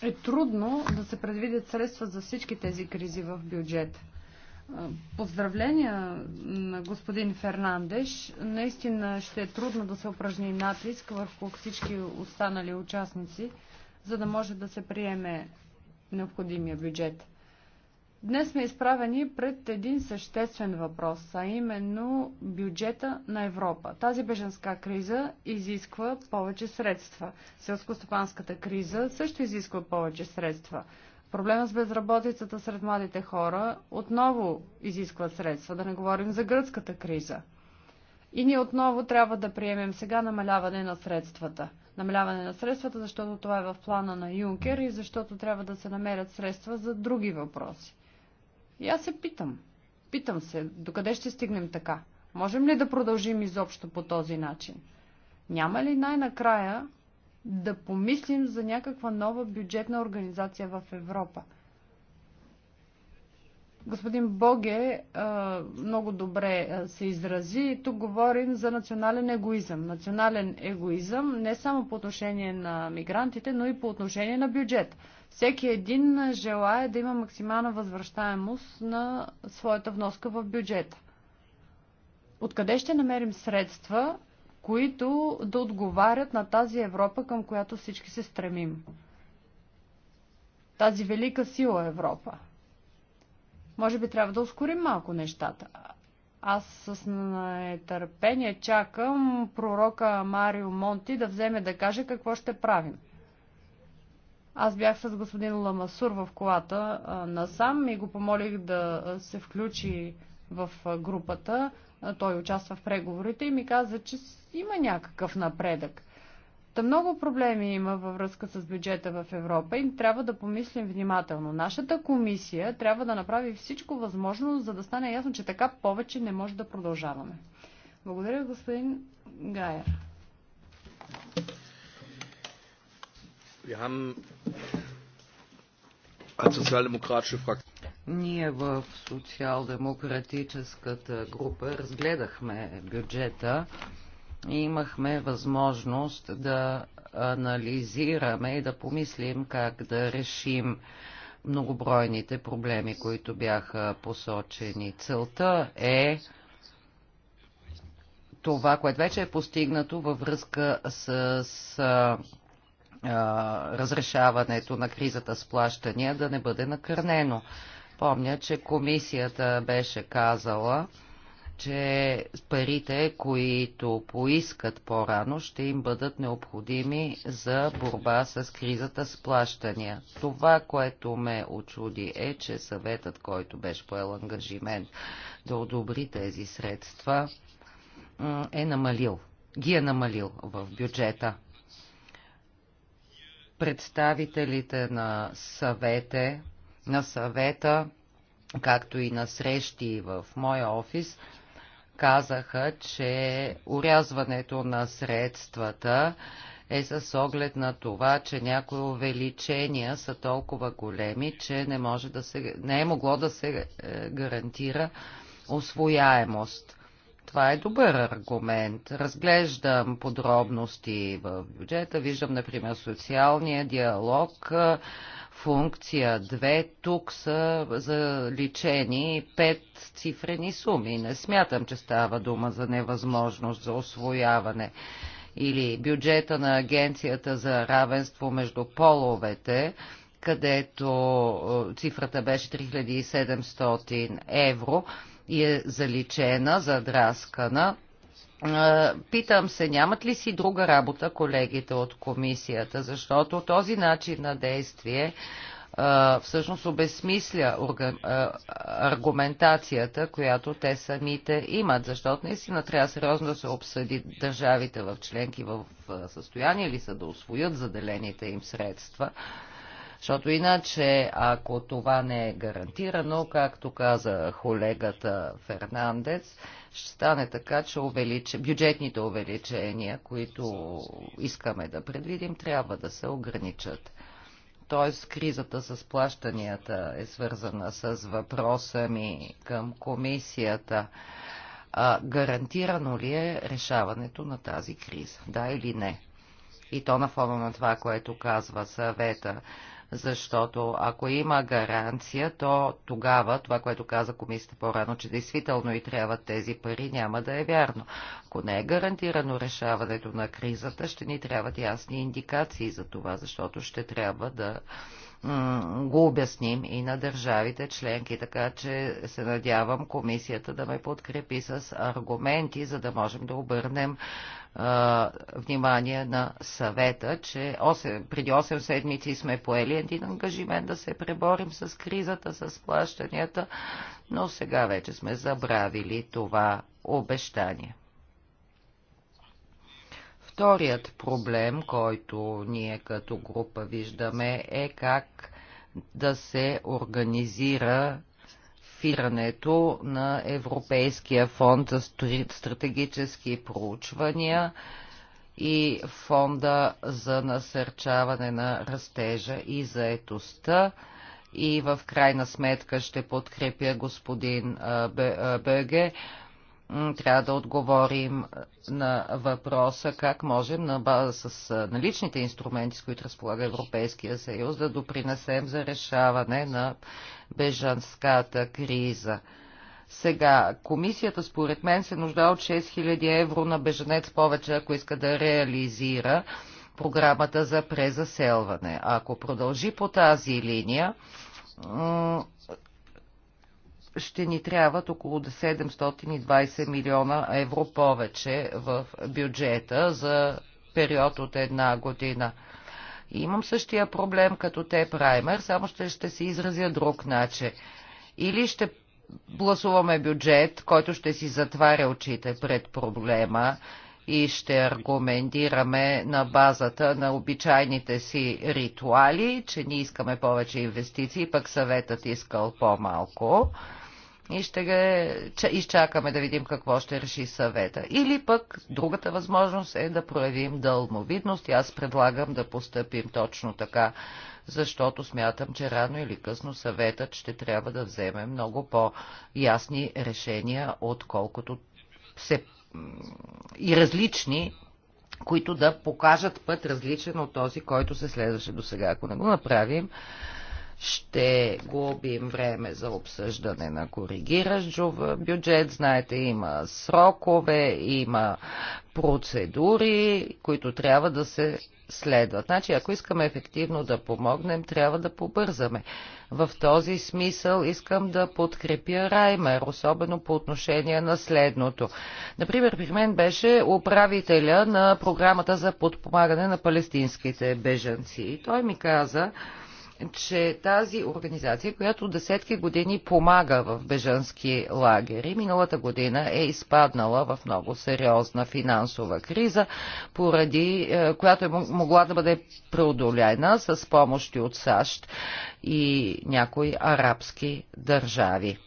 е трудно да се предвидят средства за всички тези кризи в бюджета. Поздравления на господин Фернандеш. Наистина ще е трудно да се упражни натиск върху всички останали участници, за да може да се приеме необходимия бюджет. Днес сме изправени пред един съществен въпрос, а именно бюджета на Европа. Тази беженска криза изисква повече средства. Селско-стопанската криза също изисква повече средства. Проблема с безработицата сред младите хора отново изисква средства, да не говорим за гръцката криза. И ние отново трябва да приемем сега намаляване на средствата. Намаляване на средствата, защото това е в плана на Юнкер и защото трябва да се намерят средства за други въпроси. И аз се питам. Питам се, докъде ще стигнем така? Можем ли да продължим изобщо по този начин? Няма ли най-накрая да помислим за някаква нова бюджетна организация в Европа. Господин Боге много добре се изрази. Тук говорим за национален егоизъм. Национален егоизъм не само по отношение на мигрантите, но и по отношение на бюджет. Всеки един желая да има максимална възвръщаемост на своята вноска в бюджета. Откъде ще намерим средства, които да отговарят на тази Европа, към която всички се стремим. Тази велика сила Европа. Може би трябва да ускорим малко нещата. Аз с нетърпение чакам пророка Марио Монти да вземе да каже какво ще правим. Аз бях с господин Ламасур в колата насам и го помолих да се включи в групата той участва в преговорите и ми каза, че има някакъв напредък. Та много проблеми има във връзка с бюджета в Европа и трябва да помислим внимателно. Нашата комисия трябва да направи всичко възможно, за да стане ясно, че така повече не може да продължаваме. Благодаря, господин Гайер. Wir haben als sozialdemokratische Fraktion ние в социал-демократическата група разгледахме бюджета и имахме възможност да анализираме и да помислим как да решим многобройните проблеми, които бяха посочени. Целта е това, което вече е постигнато във връзка с, разрешаването на кризата с плащания да не бъде накърнено. Помня, че комисията беше казала, че парите, които поискат по-рано, ще им бъдат необходими за борба с кризата с плащания. Това, което ме очуди е, че съветът, който беше поел ангажимент да одобри тези средства, е намалил. Ги е намалил в бюджета. Представителите на съвете на съвета, както и на срещи в моя офис, казаха, че урязването на средствата е с оглед на това, че някои увеличения са толкова големи, че не, може да се, не е могло да се е, гарантира освояемост. Това е добър аргумент. Разглеждам подробности в бюджета. Виждам, например, социалния диалог, функция 2. Тук са заличени пет цифрени суми. Не смятам, че става дума за невъзможност за освояване или бюджета на Агенцията за равенство между половете, където е, цифрата беше 3700 евро и е заличена, задраскана. Питам се, нямат ли си друга работа колегите от комисията, защото този начин на действие всъщност обезсмисля аргументацията, която те самите имат, защото наистина трябва сериозно да се обсъди държавите в членки в състояние ли са да освоят заделените им средства защото иначе, ако това не е гарантирано, както каза колегата Фернандец, ще стане така, че увелич... бюджетните увеличения, които искаме да предвидим, трябва да се ограничат т.е. кризата с плащанията е свързана с въпроса ми към комисията. А, гарантирано ли е решаването на тази криза? Да или не? И то на фона на това, което казва съвета защото ако има гаранция, то тогава това, което каза комисията по-рано, че действително и трябват тези пари, няма да е вярно. Ако не е гарантирано решаването на кризата, ще ни трябват ясни индикации за това, защото ще трябва да го обясним и на държавите членки, така че се надявам комисията да ме подкрепи с аргументи, за да можем да обърнем внимание на съвета, че 8, преди 8 седмици сме поели един ангажимент да се преборим с кризата, с плащанията, но сега вече сме забравили това обещание. Вторият проблем, който ние като група виждаме, е как да се организира фирането на Европейския фонд за стратегически проучвания и фонда за насърчаване на растежа и заетостта. И в крайна сметка ще подкрепя господин Беге трябва да отговорим на въпроса как можем на база с наличните инструменти, с които разполага Европейския съюз, да допринесем за решаване на бежанската криза. Сега, комисията според мен се нужда от 6000 евро на беженец повече, ако иска да реализира програмата за презаселване. Ако продължи по тази линия, ще ни трябват около 720 милиона евро повече в бюджета за период от една година. И имам същия проблем като те праймер, само ще, ще се изразя друг начин. Или ще гласуваме бюджет, който ще си затваря очите пред проблема и ще аргументираме на базата на обичайните си ритуали, че ние искаме повече инвестиции, пък съветът искал по-малко и ще ге, изчакаме да видим какво ще реши съвета. Или пък другата възможност е да проявим дълмовидност и аз предлагам да постъпим точно така, защото смятам, че рано или късно съветът ще трябва да вземе много по-ясни решения, отколкото се и различни, които да покажат път различен от този, който се следваше до сега. Ако не го направим, ще губим време за обсъждане на коригиращ бюджет. Знаете, има срокове, има процедури, които трябва да се следват. Значи, ако искаме ефективно да помогнем, трябва да побързаме. В този смисъл искам да подкрепя Раймер, особено по отношение на следното. Например, при мен беше управителя на програмата за подпомагане на палестинските бежанци. И той ми каза, че тази организация, която десетки години помага в бежански лагери, миналата година е изпаднала в много сериозна финансова криза, поради е, която е могла да бъде преодолена с помощи от САЩ и някои арабски държави.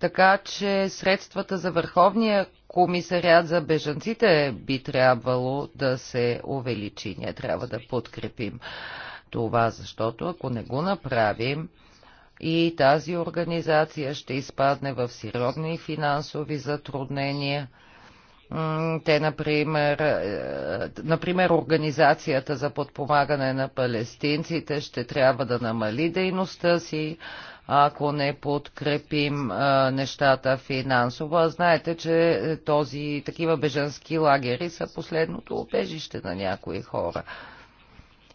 Така че средствата за Върховния комисариат за бежанците би трябвало да се увеличи. Ние трябва да подкрепим това, защото ако не го направим, и тази организация ще изпадне в сериозни финансови затруднения. Те, например, е, например, Организацията за подпомагане на палестинците ще трябва да намали дейността си, ако не подкрепим а, нещата финансово. А знаете, че е, този, такива бежански лагери са последното убежище на някои хора.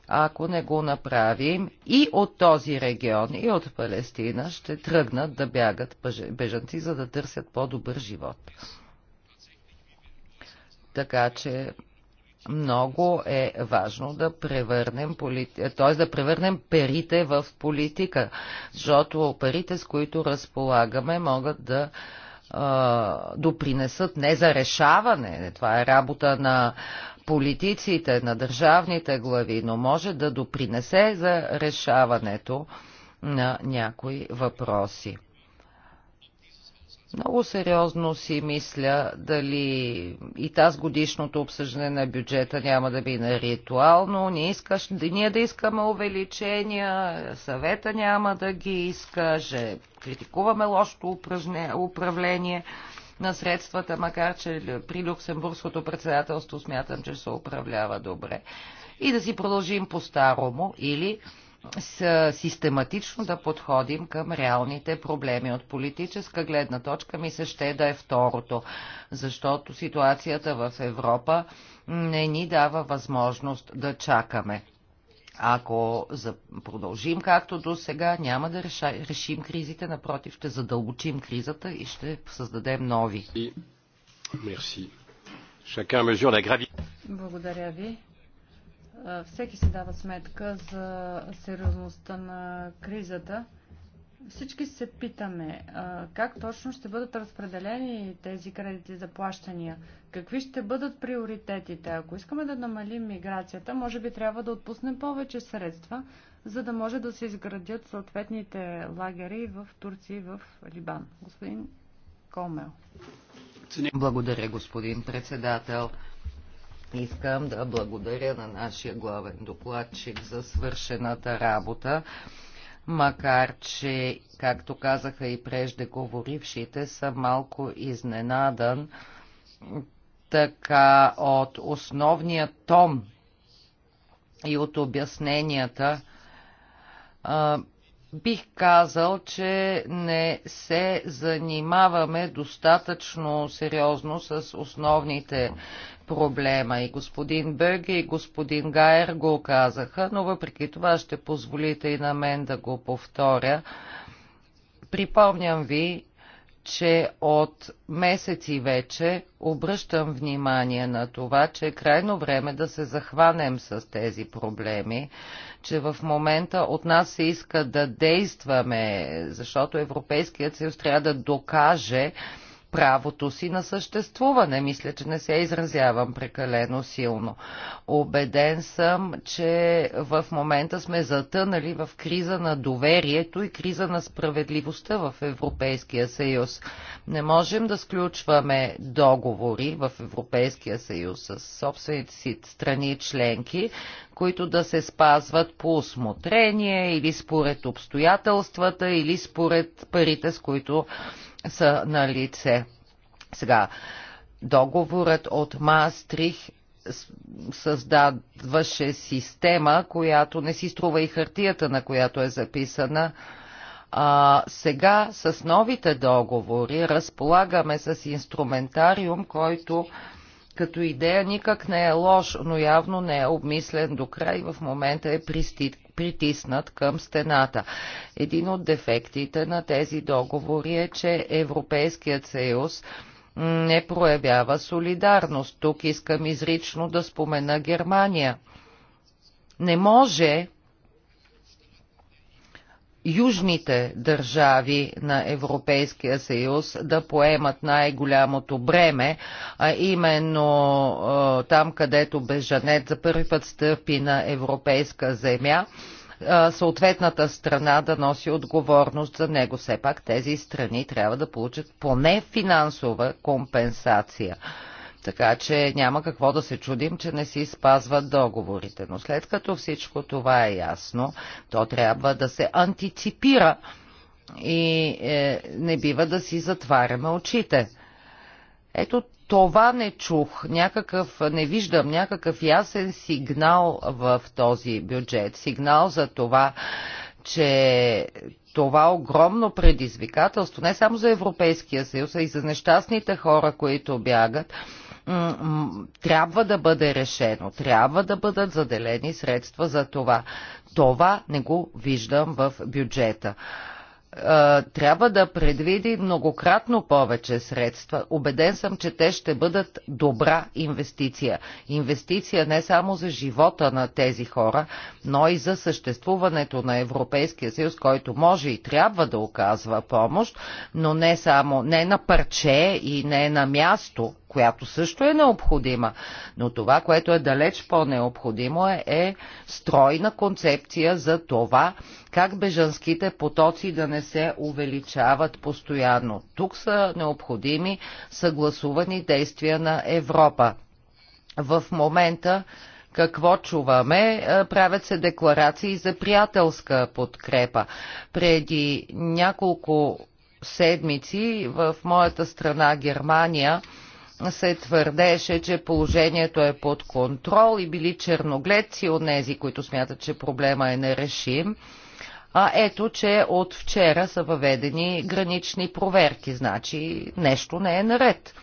Ако не го направим, и от този регион, и от Палестина ще тръгнат да бягат бежанци, за да търсят по-добър живот. Така че много е важно да превърнем, полити... т.е. да превърнем парите в политика, защото парите, с които разполагаме, могат да а, допринесат не за решаване, това е работа на политиците, на държавните глави, но може да допринесе за решаването на някои въпроси. Много сериозно си мисля дали и тази годишното обсъждане на бюджета няма да мине ритуално. Не искаш, ние да искаме увеличения, съвета няма да ги иска, же критикуваме лошото управление на средствата, макар че при Люксембургското председателство смятам, че се управлява добре. И да си продължим по-старому или систематично да подходим към реалните проблеми. От политическа гледна точка ми се ще да е второто, защото ситуацията в Европа не ни дава възможност да чакаме. Ако продължим както до сега, няма да решим кризите, напротив, ще задълбочим кризата и ще създадем нови. Благодаря ви. Всеки си дава сметка за сериозността на кризата. Всички се питаме как точно ще бъдат разпределени тези кредити за плащания, какви ще бъдат приоритетите. Ако искаме да намалим миграцията, може би трябва да отпуснем повече средства, за да може да се изградят съответните лагери в Турция и в Либан. Господин Комел. Благодаря, господин председател. Искам да благодаря на нашия главен докладчик за свършената работа, макар че, както казаха и преждеговорившите, съм малко изненадан така от основния том и от обясненията, бих казал, че не се занимаваме достатъчно сериозно с основните проблема. И господин Бърге и господин Гайер го казаха, но въпреки това ще позволите и на мен да го повторя. Припомням ви, че от месеци вече обръщам внимание на това, че е крайно време да се захванем с тези проблеми, че в момента от нас се иска да действаме, защото Европейският съюз трябва да докаже, правото си на съществуване. Мисля, че не се изразявам прекалено силно. Обеден съм, че в момента сме затънали в криза на доверието и криза на справедливостта в Европейския съюз. Не можем да сключваме договори в Европейския съюз с собствените си страни и членки, които да се спазват по осмотрение или според обстоятелствата или според парите, с които са на лице. Сега, договорът от Маастрих създаваше система, която не си струва и хартията, на която е записана. А, сега с новите договори разполагаме с инструментариум, който като идея никак не е лош, но явно не е обмислен до край. В момента е пристиг, притиснат към стената. Един от дефектите на тези договори е, че Европейският съюз не проявява солидарност. Тук искам изрично да спомена Германия. Не може южните държави на Европейския съюз да поемат най-голямото бреме, а именно там, където Бежанет за първи път стъпи на европейска земя, съответната страна да носи отговорност за него. Все пак тези страни трябва да получат поне финансова компенсация. Така че няма какво да се чудим, че не си спазват договорите. Но след като всичко това е ясно, то трябва да се антиципира и е, не бива да си затваряме очите. Ето това не чух, някакъв, не виждам някакъв ясен сигнал в този бюджет. Сигнал за това, че това огромно предизвикателство, не само за Европейския съюз, а и за нещастните хора, които бягат, трябва да бъде решено, трябва да бъдат заделени средства за това. Това не го виждам в бюджета е, трябва да предвиди многократно повече средства. Обеден съм, че те ще бъдат добра инвестиция. Инвестиция не само за живота на тези хора, но и за съществуването на Европейския съюз, който може и трябва да оказва помощ, но не само, не на парче и не на място, която също е необходима. Но това, което е далеч по-необходимо е, е стройна концепция за това, как бежанските потоци да не се увеличават постоянно. Тук са необходими съгласувани действия на Европа. В момента какво чуваме? Е, правят се декларации за приятелска подкрепа. Преди няколко седмици в моята страна Германия се твърдеше, че положението е под контрол и били черногледци от нези, които смятат, че проблема е нерешим. А ето, че от вчера са въведени гранични проверки, значи нещо не е наред.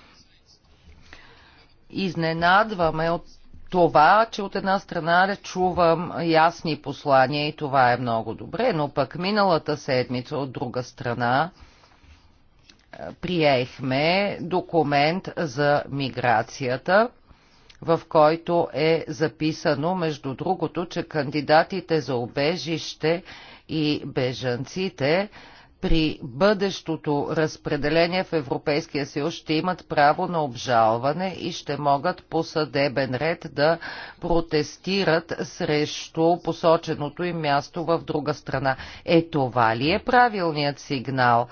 Изненадваме от това, че от една страна чувам ясни послания и това е много добре, но пък миналата седмица от друга страна приехме документ за миграцията, в който е записано, между другото, че кандидатите за обежище и бежанците при бъдещото разпределение в Европейския съюз ще имат право на обжалване и ще могат по съдебен ред да протестират срещу посоченото им място в друга страна. Е това ли е правилният сигнал?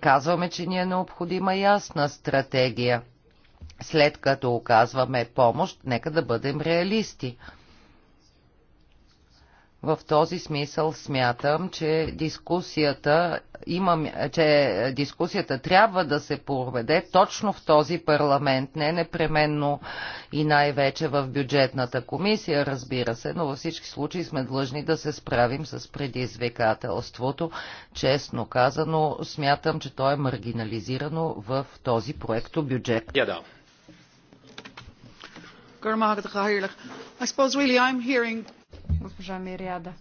Казваме, че ни е необходима ясна стратегия. След като оказваме помощ, нека да бъдем реалисти. В този смисъл смятам, че дискусията, има, че дискусията трябва да се проведе точно в този парламент, не непременно и най-вече в бюджетната комисия, разбира се, но във всички случаи сме длъжни да се справим с предизвикателството. Честно казано, смятам, че то е маргинализирано в този проекто бюджет. Yeah, yeah. I suppose really I'm hearing госпожа Мириада.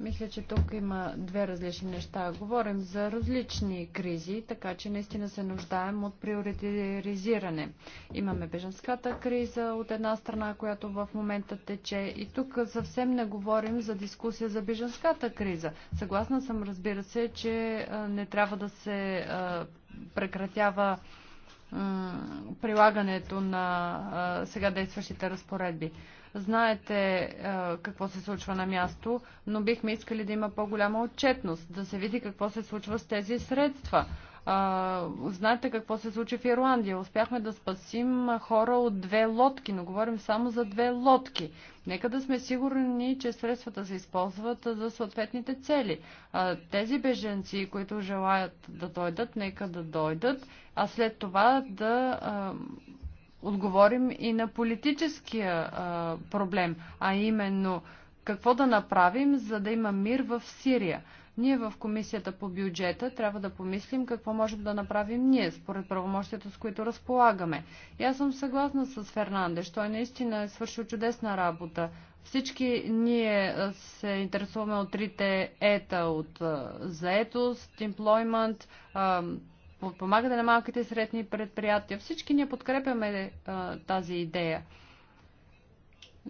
Мисля, че тук има две различни неща. Говорим за различни кризи, така че наистина се нуждаем от приоритизиране. Имаме беженската криза от една страна, която в момента тече и тук съвсем не говорим за дискусия за беженската криза. Съгласна съм, разбира се, че не трябва да се прекратява прилагането на сега действащите разпоредби. Знаете какво се случва на място, но бихме искали да има по-голяма отчетност, да се види какво се случва с тези средства. А, знаете какво се случи в Ирландия. Успяхме да спасим хора от две лодки, но говорим само за две лодки. Нека да сме сигурни, че средствата се използват за съответните цели. А, тези беженци, които желаят да дойдат, нека да дойдат, а след това да а, отговорим и на политическия а, проблем, а именно какво да направим, за да има мир в Сирия. Ние в комисията по бюджета трябва да помислим какво можем да направим ние, според правомощията, с които разполагаме. И аз съм съгласна с Фернандеш. Той наистина е свършил чудесна работа. Всички ние се интересуваме от трите ета, от заетост, employment, подпомагане на малките и средни предприятия. Всички ние подкрепяме а, тази идея.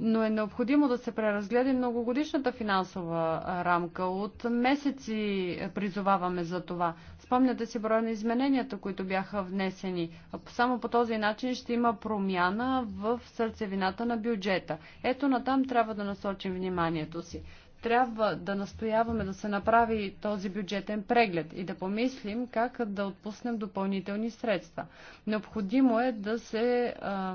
Но е необходимо да се преразгледа многогодишната финансова рамка. От месеци призоваваме за това. Спомняте си броя на измененията, които бяха внесени. Само по този начин ще има промяна в сърцевината на бюджета. Ето натам трябва да насочим вниманието си трябва да настояваме да се направи този бюджетен преглед и да помислим как да отпуснем допълнителни средства. Необходимо е да се а,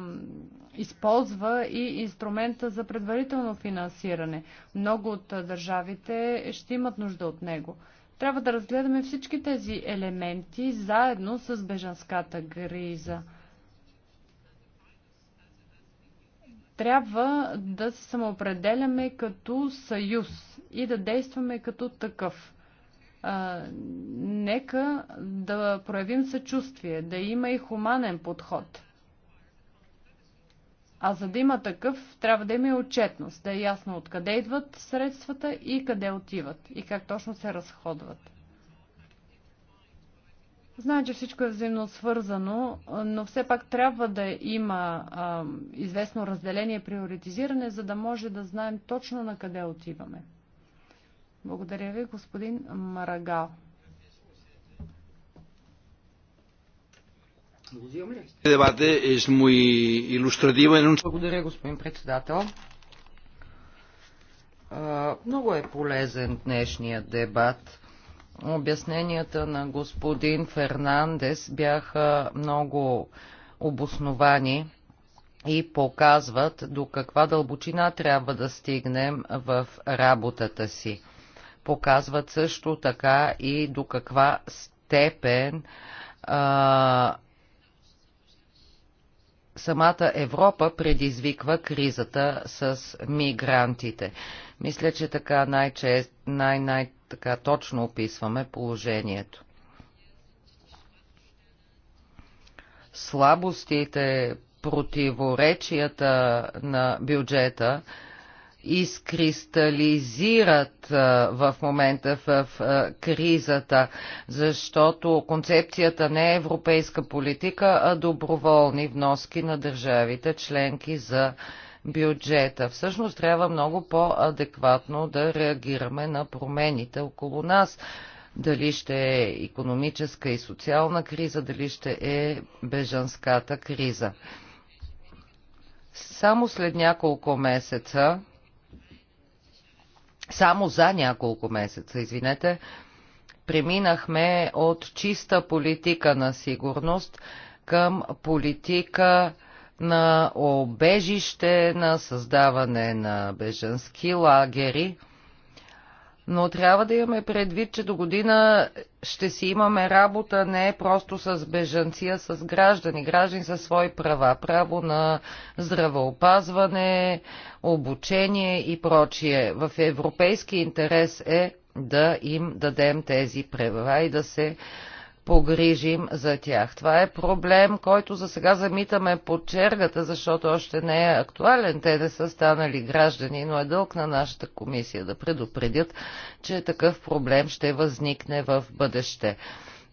използва и инструмента за предварително финансиране. Много от държавите ще имат нужда от него. Трябва да разгледаме всички тези елементи заедно с бежанската гриза – трябва да се самоопределяме като съюз и да действаме като такъв. А, нека да проявим съчувствие, да има и хуманен подход. А за да има такъв, трябва да има и отчетност, да е ясно откъде идват средствата и къде отиват и как точно се разходват. Знам, че всичко е взаимно свързано, но все пак трябва да има а, известно разделение, приоритизиране, за да може да знаем точно на къде отиваме. Благодаря ви, господин Марагал. Е Благодаря, господин председател. Много е полезен днешният дебат Обясненията на господин Фернандес бяха много обосновани и показват до каква дълбочина трябва да стигнем в работата си. Показват също така и до каква степен а, самата Европа предизвиква кризата с мигрантите. Мисля, че така най-чест, най-най така точно описваме положението. Слабостите, противоречията на бюджета изкристализират в момента в кризата, защото концепцията не е европейска политика, а доброволни вноски на държавите членки за бюджета. Всъщност трябва много по-адекватно да реагираме на промените около нас. Дали ще е економическа и социална криза, дали ще е бежанската криза. Само след няколко месеца, само за няколко месеца, извинете, преминахме от чиста политика на сигурност към политика на обежище, на създаване на беженски лагери. Но трябва да имаме предвид, че до година ще си имаме работа не просто с бежанци, а с граждани. Граждани със свои права. Право на здравеопазване, обучение и прочие. В европейски интерес е да им дадем тези права и да се погрижим за тях. Това е проблем, който за сега замитаме под чергата, защото още не е актуален. Те не са станали граждани, но е дълг на нашата комисия да предупредят, че такъв проблем ще възникне в бъдеще.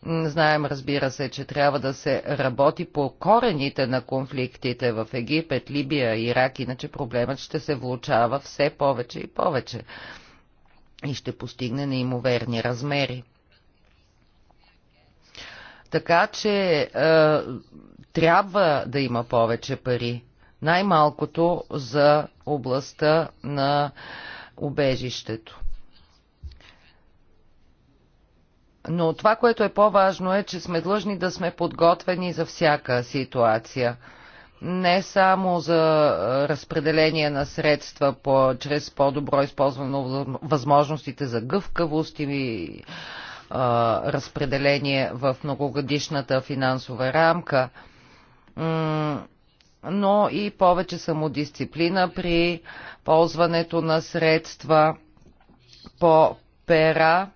Знаем, разбира се, че трябва да се работи по корените на конфликтите в Египет, Либия, Ирак, иначе проблемът ще се влучава все повече и повече и ще постигне неимоверни размери. Така че е, трябва да има повече пари. Най-малкото за областта на убежището. Но това, което е по-важно е, че сме длъжни да сме подготвени за всяка ситуация. Не само за е, разпределение на средства по, чрез по-добро използване на възможностите за гъвкавост и разпределение в многогодишната финансова рамка, но и повече самодисциплина при ползването на средства по пера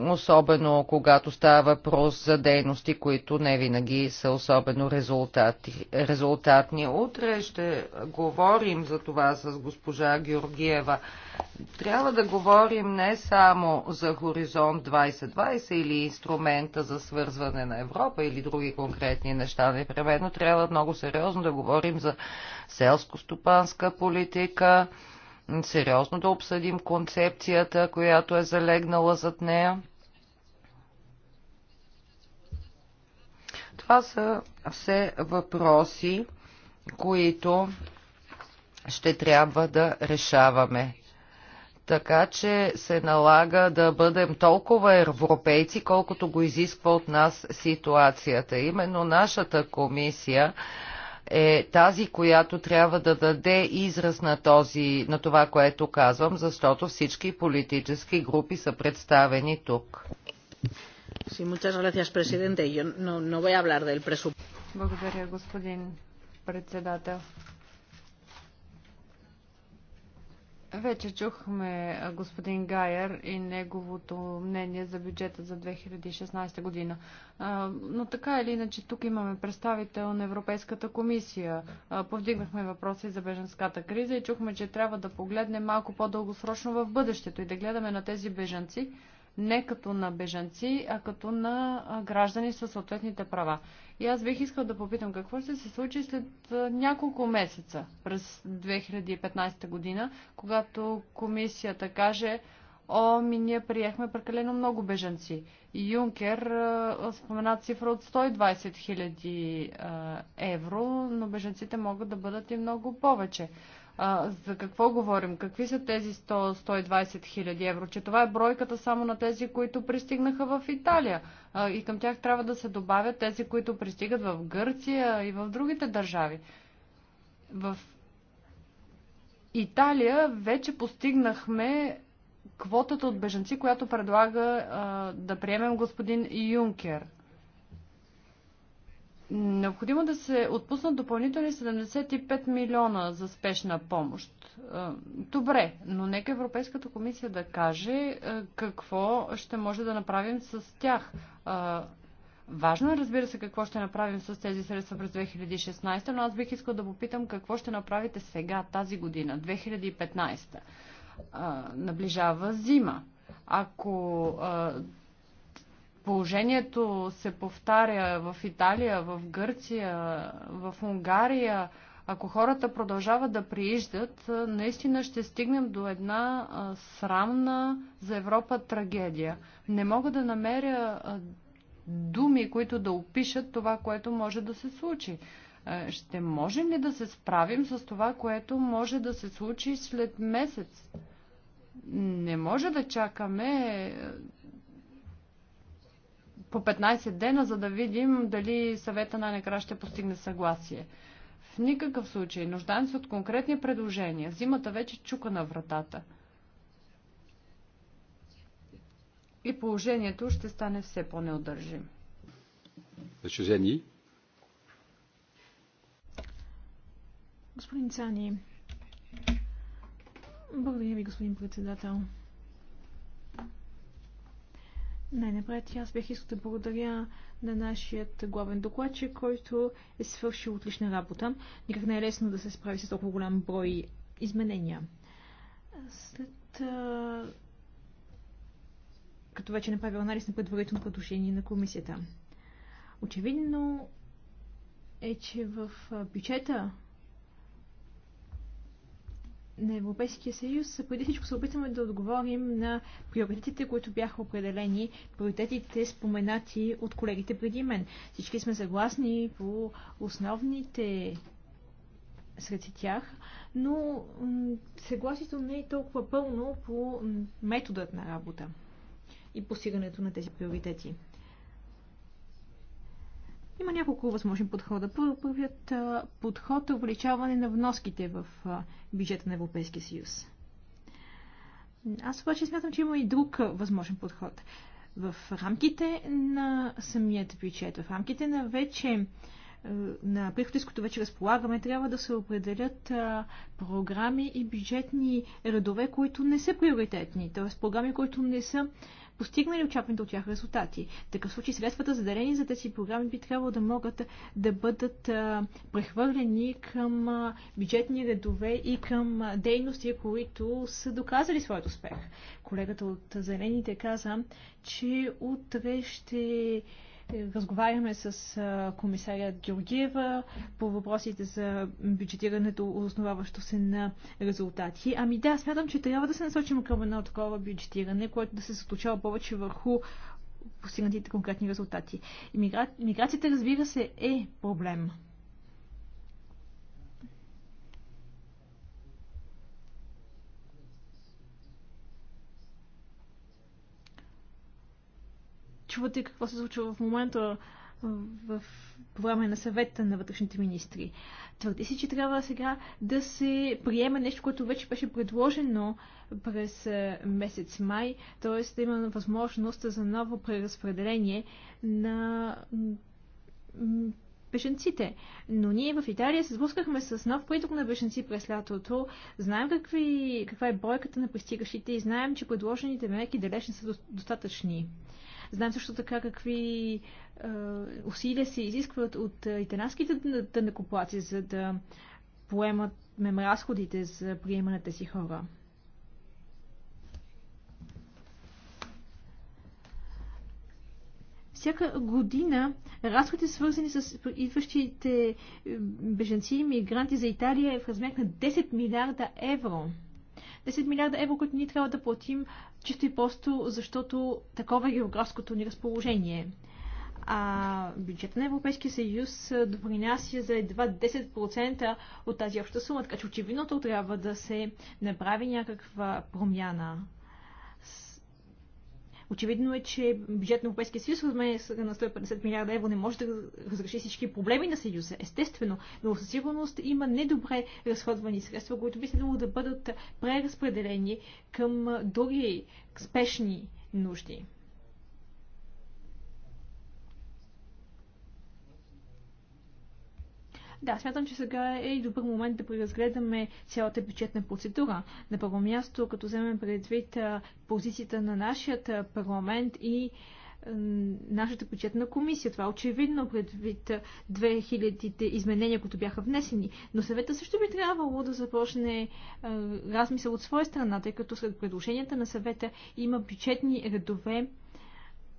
особено когато става въпрос за дейности, които не винаги са особено резултати, резултатни. Утре ще говорим за това с госпожа Георгиева. Трябва да говорим не само за Хоризонт 2020 или инструмента за свързване на Европа или други конкретни неща. Непременно трябва много сериозно да говорим за селско-стопанска политика, сериозно да обсъдим концепцията, която е залегнала зад нея. Това са все въпроси, които ще трябва да решаваме. Така че се налага да бъдем толкова европейци, колкото го изисква от нас ситуацията. Именно нашата комисия е тази, която трябва да даде израз на, този, на това, което казвам, защото всички политически групи са представени тук. Благодаря, господин председател. Вече чухме господин Гайер и неговото мнение за бюджета за 2016 година. Но така или иначе тук имаме представител на Европейската комисия. Повдигнахме въпроси за беженската криза и чухме, че трябва да погледнем малко по-дългосрочно в бъдещето и да гледаме на тези беженци не като на бежанци, а като на граждани със съответните права. И аз бих искал да попитам какво ще се случи след няколко месеца през 2015 година, когато комисията каже, о, ми ние приехме прекалено много бежанци. И Юнкер спомена цифра от 120 000 евро, но бежанците могат да бъдат и много повече. А, за какво говорим? Какви са тези 100-120 хиляди евро? Че това е бройката само на тези, които пристигнаха в Италия. А, и към тях трябва да се добавят тези, които пристигат в Гърция и в другите държави. В Италия вече постигнахме квотата от бежанци, която предлага а, да приемем господин Юнкер – Необходимо да се отпуснат допълнителни 75 милиона за спешна помощ. Е, добре, но нека Европейската комисия да каже е, какво ще може да направим с тях. Е, важно е, разбира се, какво ще направим с тези средства през 2016, но аз бих искал да попитам какво ще направите сега, тази година, 2015. Наближава зима. Ако Положението се повтаря в Италия, в Гърция, в Унгария. Ако хората продължават да прииждат, наистина ще стигнем до една срамна за Европа трагедия. Не мога да намеря думи, които да опишат това, което може да се случи. Ще можем ли да се справим с това, което може да се случи след месец? Не може да чакаме по 15 дена, за да видим дали съвета най-накрая ще постигне съгласие. В никакъв случай. Нуждаем се от конкретни предложения. Зимата вече чука на вратата. И положението ще стане все по-неудържимо. Господин Цани, благодаря ви, господин председател. Най-напред аз бях искал да благодаря на нашият главен докладчик, който е свършил отлична работа. Никак не е лесно да се справи с толкова голям брой изменения. След а... като вече е направил анализ на предварително предложение на комисията. Очевидно е, че в бюджета на Европейския съюз, преди всичко се опитваме да отговорим на приоритетите, които бяха определени, приоритетите споменати от колегите преди мен. Всички сме съгласни по основните сред тях, но съгласието не е толкова пълно по методът на работа и постигането на тези приоритети. Има няколко възможни подхода. Първият подход е увеличаване на вноските в бюджета на Европейския съюз. Аз обаче смятам, че има и друг възможен подход. В рамките на самият бюджет, в рамките на вече на приходи, с които вече разполагаме, трябва да се определят а, програми и бюджетни редове, които не са приоритетни, т.е. програми, които не са постигнали очакваните от тях резултати. В такъв случай средствата, заделени за тези програми, би трябвало да могат да бъдат прехвърлени към бюджетни редове и към дейности, които са доказали своят успех. Колегата от Зелените каза, че утре ще Разговаряме с комисаря Георгиева по въпросите за бюджетирането, основаващо се на резултати. Ами да, смятам, че трябва да се насочим към едно такова бюджетиране, което да се съточава повече върху постигнатите конкретни резултати. Миграцията, разбира се, е проблем. чувате какво се случва в момента в, по време на съвета на вътрешните министри. Твърди си, че трябва сега да се приеме нещо, което вече беше предложено през месец май, т.е. да има възможност за ново преразпределение на беженците. Но ние в Италия се сблъскахме с нов приток на беженци през лятото. Знаем какви, каква е бройката на пристигащите и знаем, че предложените мерки далеч не са достатъчни. Знаем също така какви усилия се изискват от италянските дънакоплаци, за да поемат разходите за приемането си хора. всяка година разходите, свързани с идващите беженци и мигранти за Италия, е в размер на 10 милиарда евро. 10 милиарда евро, които ние трябва да платим чисто и просто, защото такова е географското ни разположение. А бюджета на Европейския съюз допринася за едва 10% от тази обща сума, така че очевидно трябва да се направи някаква промяна. Очевидно е, че бюджет на Европейския съюз размен на 150 милиарда евро не може да разреши всички проблеми на съюза, естествено, но със сигурност има недобре разходвани средства, които би следвало да бъдат преразпределени към други спешни нужди. Да, смятам, че сега е и добър момент да преразгледаме цялата бюджетна процедура. На първо място, като вземем предвид позицията на нашият парламент и нашата бюджетна комисия. Това е очевидно предвид 2000-те изменения, които бяха внесени. Но съвета също би трябвало да започне размисъл от своя страна, тъй като сред предложенията на съвета има бюджетни редове,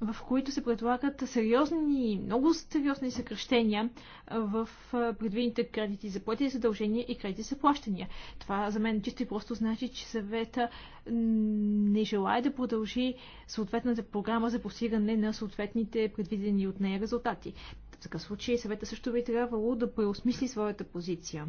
в които се предлагат сериозни, много сериозни съкръщения в предвидените кредити за платени задължения и кредити за плащания. Това за мен чисто и просто значи, че съвета не желая да продължи съответната програма за постигане на съответните предвидени от нея резултати. В такъв случай съвета също би трябвало да преосмисли своята позиция.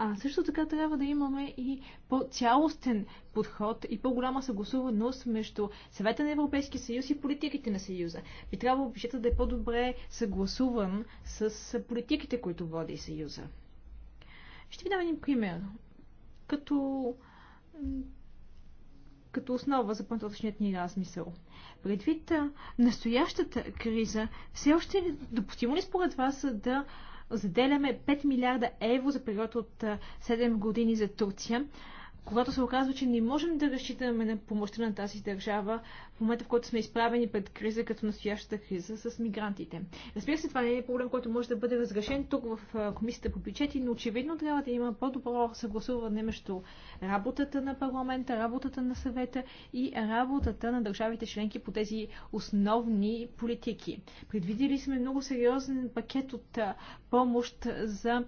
А също така трябва да имаме и по-цялостен подход и по-голяма съгласуваност между съвета на Европейския съюз и политиките на съюза. И трябва бюджетът да е по-добре съгласуван с политиките, които води съюза. Ще ви дам един пример. Като като основа за по ни размисъл. Предвид настоящата криза, все още е допустимо ли според вас да заделяме 5 милиарда евро за период от 7 години за Турция когато се оказва, че не можем да разчитаме на помощта на тази държава в момента, в който сме изправени пред криза, като настоящата криза с мигрантите. Разбира се, това не е проблем, който може да бъде разрешен тук в Комисията по бюджети, но очевидно трябва да има по-добро съгласуване между работата на парламента, работата на съвета и работата на държавите членки по тези основни политики. Предвидили сме много сериозен пакет от помощ за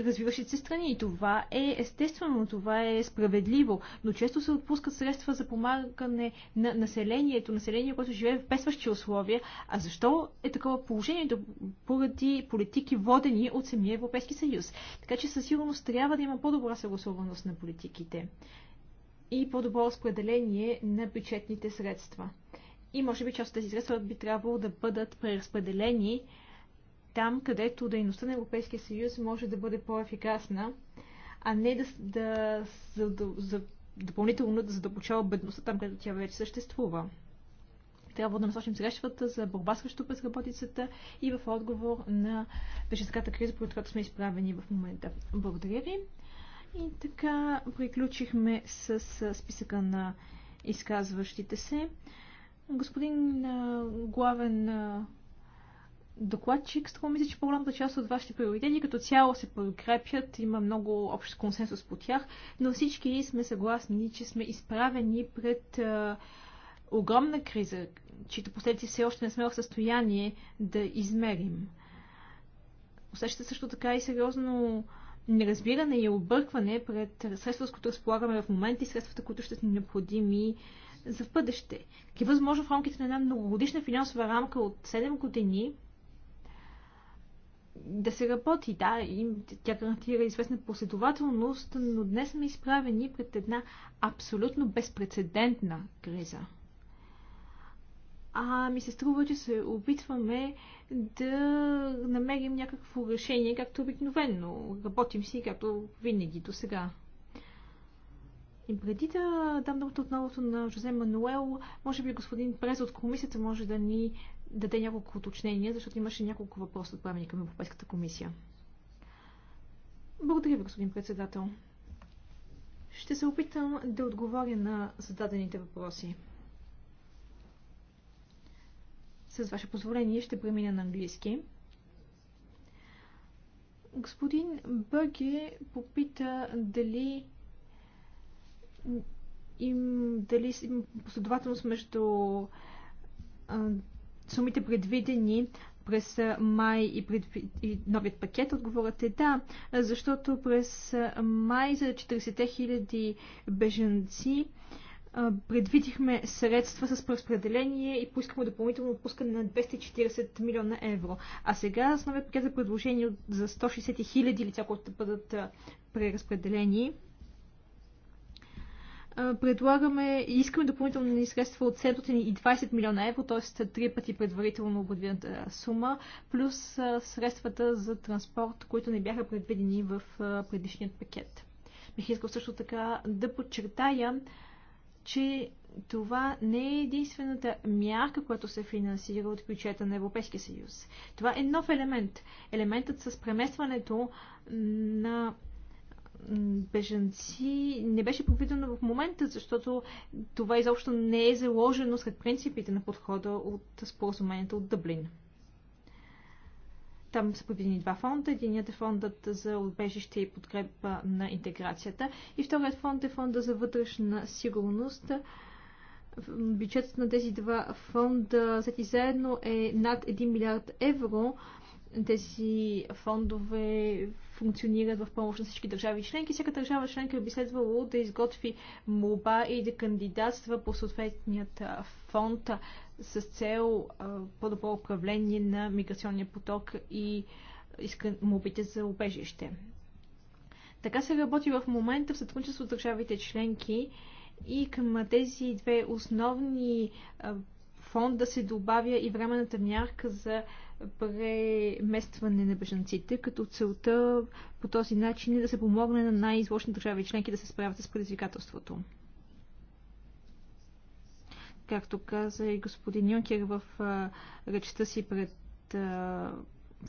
развиващите се страни. И това е естествено, това е справедливо, но често се отпускат средства за помагане на населението, население, което живее в бесващи условия. А защо е такова положението? Поради политики водени от самия Европейски съюз. Така че със сигурност трябва да има по-добра съгласованост на политиките и по-добро разпределение на бюджетните средства. И може би част от тези средства би трябвало да бъдат преразпределени там, където дейността на Европейския съюз може да бъде по-ефикасна, а не да, да, за, да за, допълнително да задълбочава бедността там, където тя вече съществува. Трябва да насочим срещата за борба срещу безработицата и в отговор на бежанската криза, пред която сме изправени в момента. Благодаря ви. И така приключихме с списъка на изказващите се. Господин главен докладчик, така мисля, че по-голямата част от вашите приоритети като цяло се подкрепят, има много общ консенсус по тях, но всички сме съгласни, че сме изправени пред а, огромна криза, чието последици все още не сме в състояние да измерим. Усеща също така и сериозно неразбиране и объркване пред средствата, с които разполагаме в момента и средствата, които ще са необходими за в бъдеще. Какви е възможно в рамките на една многогодишна финансова рамка от 7 години да се работи. Да, и тя гарантира известна последователност, но днес сме изправени пред една абсолютно безпредседентна криза. А ми се струва, че се опитваме да намерим някакво решение, както обикновено. Работим си, както винаги до сега. И преди да дам думата отново на Жозе Мануел, може би господин През от комисията може да ни даде няколко уточнения, защото имаше няколко въпроса отправени към Европейската комисия. Благодаря ви, господин председател. Ще се опитам да отговоря на зададените въпроси. С ваше позволение ще премина на английски. Господин Бърге попита дали им, дали им последователност между сумите предвидени през май и, пред... и новият пакет? Отговорът е да, защото през май за 40 хиляди беженци предвидихме средства с преразпределение и поискахме допълнително отпускане на 240 милиона евро. А сега с новият пакет за предложение за 160 хиляди лица, които бъдат преразпределени, предлагаме и искаме допълнителни средства от 720 милиона евро, т.е. три пъти предварително обявената сума, плюс средствата за транспорт, които не бяха предвидени в предишният пакет. Бих искал също така да подчертая, че това не е единствената мярка, която се финансира от бюджета на Европейския съюз. Това е нов елемент. Елементът с преместването на бежанци не беше проведено в момента, защото това изобщо не е заложено сред принципите на подхода от споразумението от Дъблин. Там са предвидени два фонда. Единият е фондът за убежище и подкрепа на интеграцията и вторият фонд е фонда за вътрешна сигурност. Бюджетът на тези два фонда взети заедно е над 1 милиард евро. Тези фондове функционират в помощ на всички държави членки. Всяка държава членка би следвало да изготви молба и да кандидатства по съответният фонд с цел по-добро управление на миграционния поток и молбите за убежище. Така се работи в момента в сътрудничество с държавите членки и към тези две основни фонда се добавя и временната мярка за преместване на бежанците, като целта по този начин е да се помогне на най-излошни държави членки да се справят с предизвикателството. Както каза и господин Юнкер в речта си пред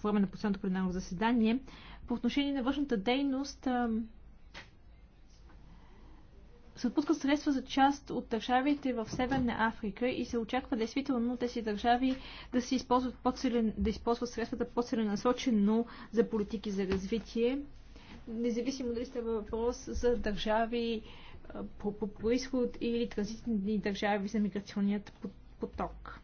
време на последното пленарно заседание, по отношение на външната дейност се отпускат средства за част от държавите в Северна Африка и се очаква действително тези държави да, се използват по-целен, да използват средствата по-целенасочено за политики за развитие, независимо дали става въпрос за държави по, по происход или транзитни държави за миграционният поток.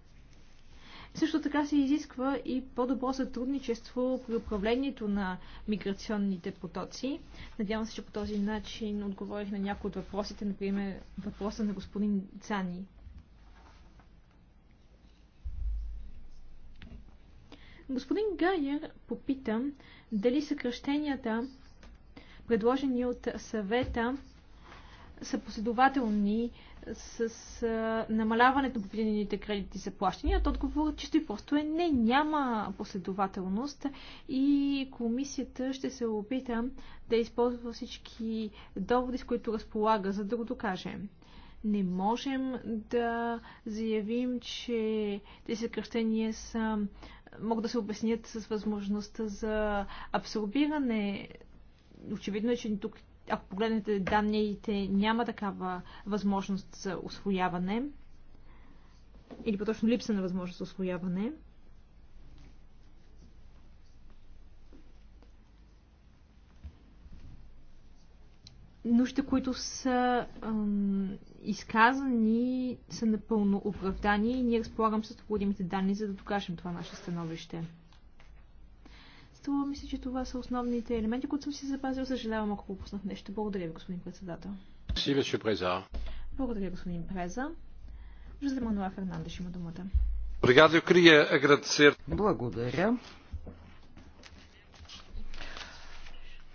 Също така се изисква и по-добро сътрудничество при управлението на миграционните потоци. Надявам се, че по този начин отговорих на някои от въпросите, например въпроса на господин Цани. Господин Гайер попита дали съкръщенията, предложени от съвета, са последователни с а, намаляването на предвидените кредити за плащанията, отговор чисто и просто е не, няма последователност и комисията ще се опита да използва всички доводи, с които разполага, за да го докаже. Не можем да заявим, че тези съкръщения са, могат да се обяснят с възможността за абсорбиране очевидно е, че тук ако погледнете данните, няма такава възможност за освояване. Или по-точно липса на възможност за освояване. нуждите, които са ам, изказани, са напълно оправдани и ние разполагам с необходимите данни, за да докажем това наше становище. Струва мисля, че това са основните елементи, които съм си запазил. Съжалявам, ако пропуснах нещо. Благодаря ви, господин председател. Благодаря, господин Преза. Жозе Мануа Фернандеш има думата. Благодаря.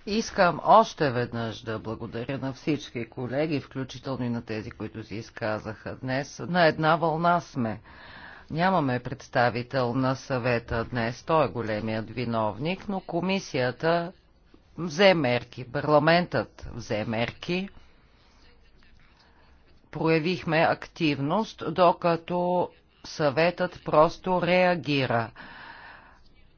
Искам още веднъж да благодаря на всички колеги, включително и на тези, които си изказаха днес. На една вълна сме. Нямаме представител на съвета днес, той е големият виновник, но комисията взе мерки, парламентът взе мерки. Проявихме активност, докато съветът просто реагира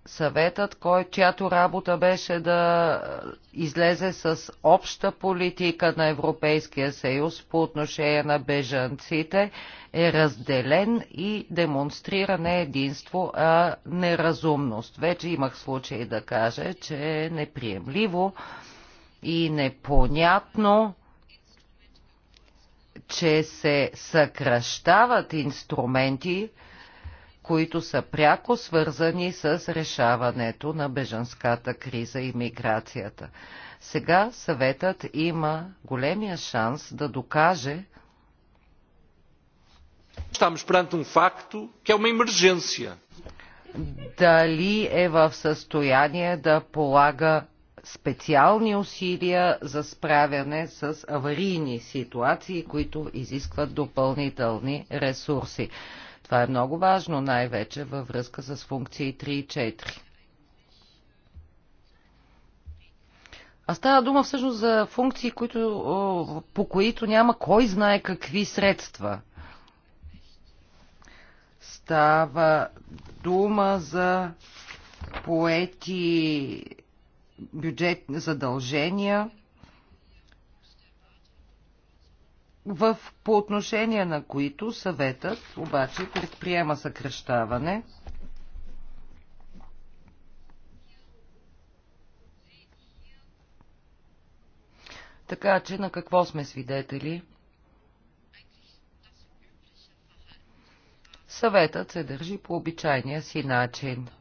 съветът, кой, чиято работа беше да е, излезе с обща политика на Европейския съюз по отношение на бежанците, е разделен и демонстрира не единство, а неразумност. Вече имах случай да кажа, че е неприемливо и непонятно че се съкръщават инструменти, които са пряко свързани с решаването на бежанската криза и миграцията. Сега съветът има големия шанс да докаже, Estamos perante um facto que é uma emergência. Дали е в състояние да полага специални усилия за справяне с аварийни ситуации, които изискват допълнителни ресурси. Това е много важно, най-вече във връзка с функции 3 и 4. А става дума всъщност за функции, които, по които няма кой знае какви средства. Става дума за поети бюджетни задължения в, по отношение на които съветът обаче предприема съкрещаване. Така че на какво сме свидетели? Съветът се държи по обичайния си начин –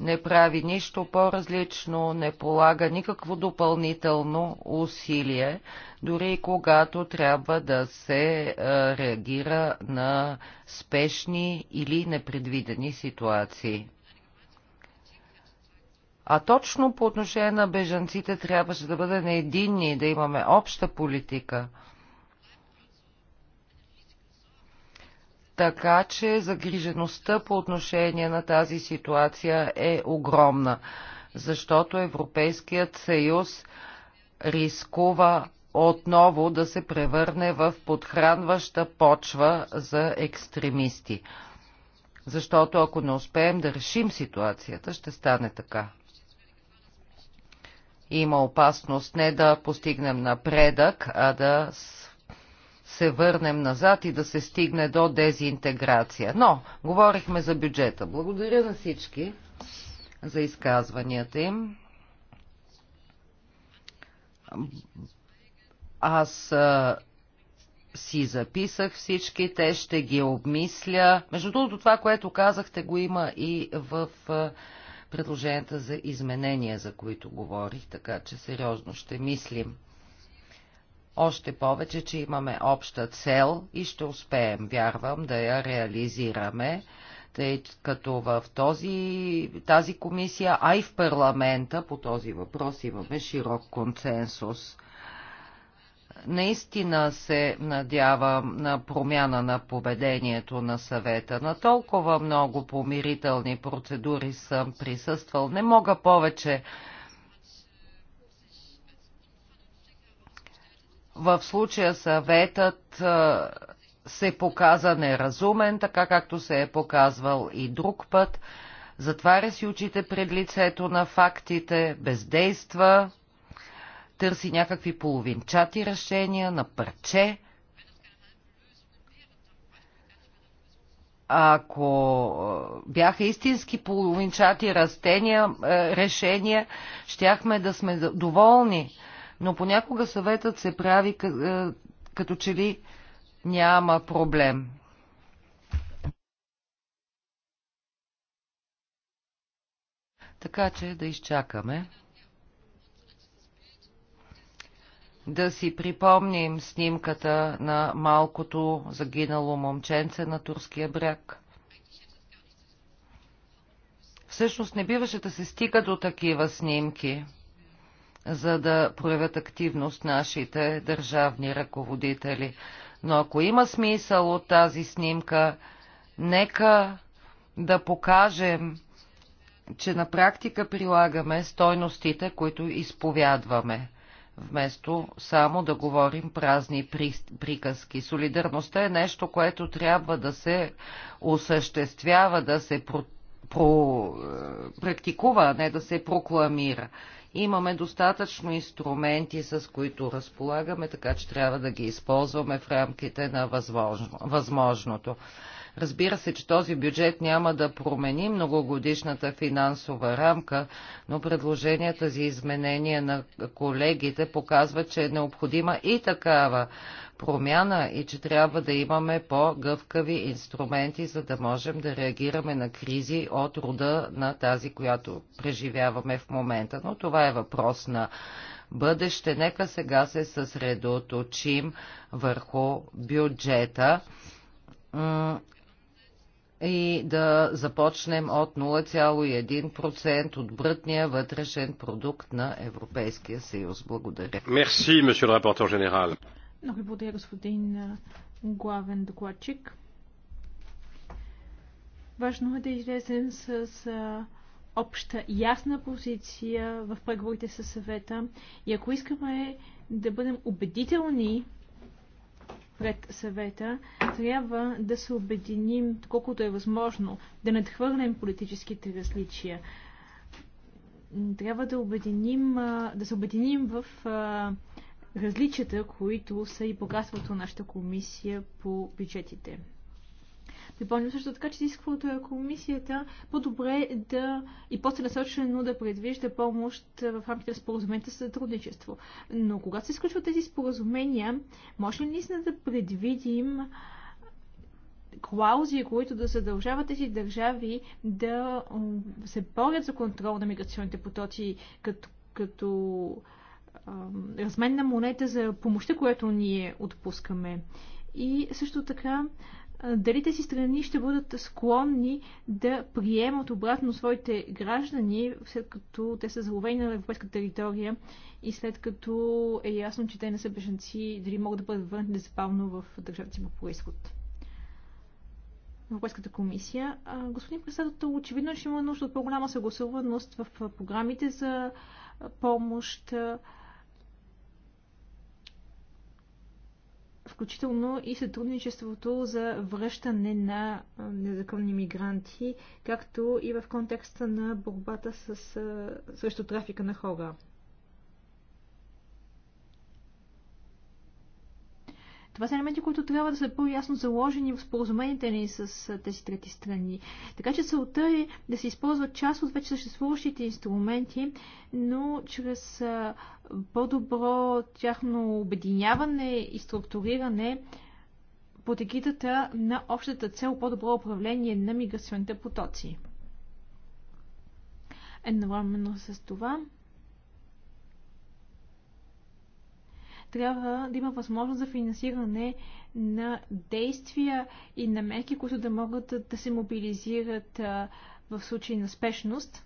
не прави нищо по-различно, не полага никакво допълнително усилие, дори и когато трябва да се е, реагира на спешни или непредвидени ситуации. А точно по отношение на бежанците трябваше да бъдем единни да имаме обща политика – Така че загрижеността по отношение на тази ситуация е огромна, защото Европейският съюз рискува отново да се превърне в подхранваща почва за екстремисти. Защото ако не успеем да решим ситуацията, ще стане така. Има опасност не да постигнем напредък, а да се върнем назад и да се стигне до дезинтеграция. Но, говорихме за бюджета. Благодаря на всички за изказванията им. Аз а, си записах всички, те ще ги обмисля. Между другото, това, което казахте, го има и в а, предложенията за изменения, за които говорих, така че сериозно ще мислим още повече, че имаме обща цел и ще успеем, вярвам, да я реализираме, тъй като в този, тази комисия, а и в парламента по този въпрос имаме широк консенсус. Наистина се надявам на промяна на поведението на съвета. На толкова много помирителни процедури съм присъствал. Не мога повече В случая съветът се показа неразумен, така както се е показвал и друг път. Затваря си очите пред лицето на фактите, бездейства, търси някакви половинчати решения на парче. Ако бяха истински половинчати растения, решения, щяхме да сме доволни но понякога съветът се прави е, като че ли няма проблем. Така че да изчакаме. Да си припомним снимката на малкото загинало момченце на турския бряг. Всъщност не биваше да се стига до такива снимки за да проявят активност нашите държавни ръководители. Но ако има смисъл от тази снимка, нека да покажем, че на практика прилагаме стойностите, които изповядваме, вместо само да говорим празни приказки. Солидарността е нещо, което трябва да се осъществява, да се про, е, практикува, а не да се прокламира. Имаме достатъчно инструменти, с които разполагаме, така че трябва да ги използваме в рамките на възможно, възможното. Разбира се, че този бюджет няма да промени многогодишната финансова рамка, но предложенията за изменение на колегите показват, че е необходима и такава промяна и че трябва да имаме по-гъвкави инструменти, за да можем да реагираме на кризи от рода на тази, която преживяваме в момента. Но това е въпрос на бъдеще. Нека сега се съсредоточим върху бюджета и да започнем от 0,1% от брътния вътрешен продукт на Европейския съюз. Благодаря. Мерси, месье рапортер генерал. Много ви благодаря, господин главен докладчик. Важно е да излезем с обща ясна позиция в преговорите със съвета и ако искаме да бъдем убедителни пред съвета, трябва да се обединим, колкото е възможно, да надхвърлим политическите различия. Трябва да, обединим, да се обединим в различията, които са и богатството на нашата комисия по бюджетите. Припомням също така, че изисква е комисията по-добре е да и по-целесочено да предвижда помощ в рамките на споразумението за сътрудничество. Но когато се изключват тези споразумения, може ли наистина да предвидим клаузи, които да задължават тези държави да се борят за контрол на миграционните потоци като, като ам, разменна монета за помощта, която ние отпускаме. И също така дали тези страни ще бъдат склонни да приемат обратно своите граждани, след като те са заловени на европейска територия и след като е ясно, че те не са бежанци, дали могат да бъдат върнати незабавно в държавите по происход. Европейската комисия. Господин председател, очевидно, е, че има нужда от по-голяма съгласуваност в програмите за помощ, включително и сътрудничеството за връщане на незаконни мигранти, както и в контекста на борбата с, срещу трафика на хора. Това са елементи, които трябва да са по-ясно заложени в споразумените ни с тези трети страни. Така че целта е да се използват част от вече съществуващите инструменти, но чрез по-добро тяхно обединяване и структуриране под егидата на общата цел по-добро управление на миграционните потоци. Едновременно с това трябва да има възможност за финансиране на действия и на мерки, които да могат да се мобилизират в случай на спешност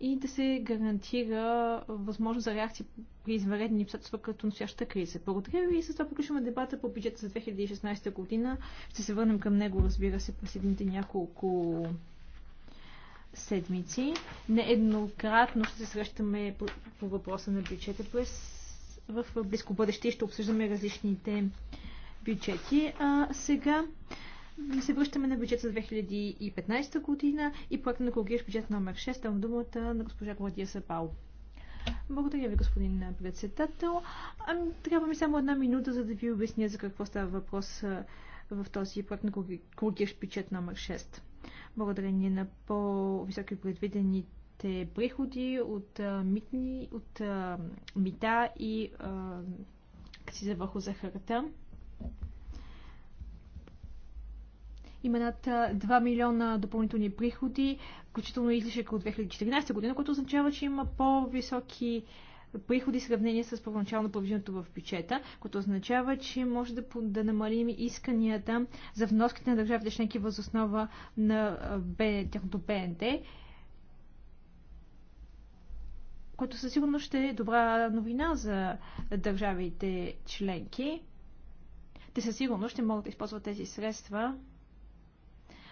и да се гарантира възможност за реакции при изваредни обстоятелства като настоящата криза. Благодаря ви и с това приключваме дебата по бюджета за 2016 година. Ще се върнем към него, разбира се, през следните няколко седмици. Нееднократно ще се срещаме по, по въпроса на бюджета през в близко бъдеще ще обсъждаме различните бюджети. А сега се връщаме на бюджет за 2015 година и проект на екологичен бюджет номер 6. Давам думата на госпожа Гладия Сапал. Благодаря ви, господин председател. Ами, трябва ми само една минута, за да ви обясня за какво става въпрос в този проект на кругиш бюджет номер 6. Благодарение на по-високи предвидени те приходи от, митни, от мита и акциза върху захарата. Има над 2 милиона допълнителни приходи, включително излишък от 2014 година, което означава, че има по-високи приходи в сравнение с първоначално предвиденото в бюджета, което означава, че може да, да намалим исканията за вноските на държавите членки възоснова на тяхното БНД което със сигурност ще е добра новина за държавите членки. Те със сигурност ще могат да използват тези средства,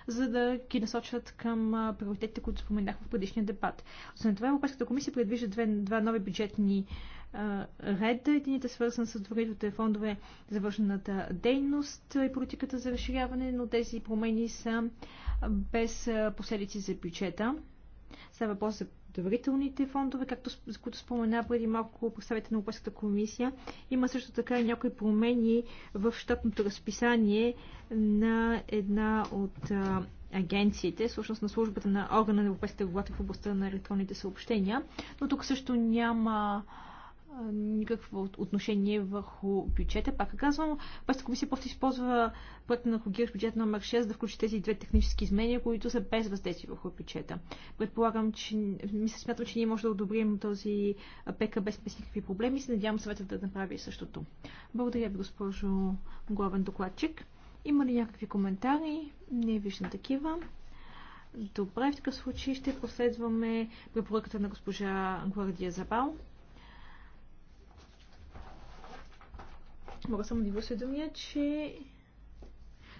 за да ги насочват към приоритетите, които споменах в предишния дебат. Освен това, Европейската комисия предвижда две, два нови бюджетни реда. Единият е свързан с дворителните фондове за вършената дейност и политиката за разширяване, но тези промени са без последици за бюджета. Става въпрос за благотворителните фондове, както, за които спомена преди малко представите на Европейската комисия. Има също така и някои промени в щатното разписание на една от а, агенциите, всъщност на службата на органа на Европейските регулация в областта на електронните съобщения. Но тук също няма никакво отношение върху бюджета. Пак казвам, Пъстата комисия просто използва проекта на коригиращ бюджет номер 6 да включи тези две технически изменения, които са без въздействие върху бюджета. Предполагам, че мисля, смятам, че ние можем да одобрим този ПК без, без никакви проблеми и се надявам съвета да направи същото. Благодаря ви, госпожо главен докладчик. Има ли някакви коментари? Не виждам такива. Добре, в такъв случай ще последваме препоръката на госпожа Гвардия Забал. Мога само да ви осведомя, че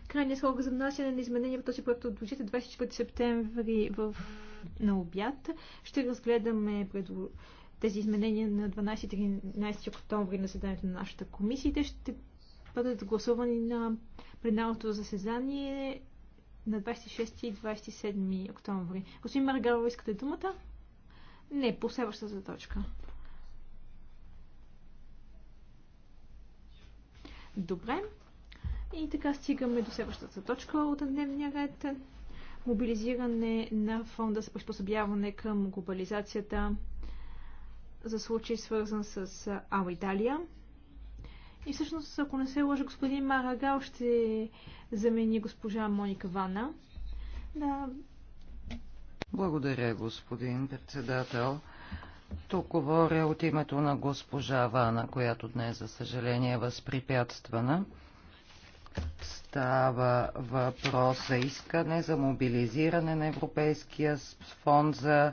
крайният срок за внасяне на изменения в този проект от бюджета е 24 септември в... на обяд. Ще разгледаме пред... тези изменения на 12-13 октомври на заседанието на нашата комисия. Те ще бъдат гласувани на пленарното заседание на 26 и 27 октомври. Господин Маргарова, искате думата? Не, по следващата точка. Добре. И така стигаме до следващата точка от дневния ред. Мобилизиране на фонда за приспособяване към глобализацията за случай свързан с Ала Италия. И всъщност, ако не се лъжа, господин Марагал ще замени госпожа Моника Вана. Да. Благодаря, господин председател. Тук говоря от името на госпожа Вана, която днес, за съжаление, е възпрепятствана. Става въпрос за искане за мобилизиране на Европейския фонд за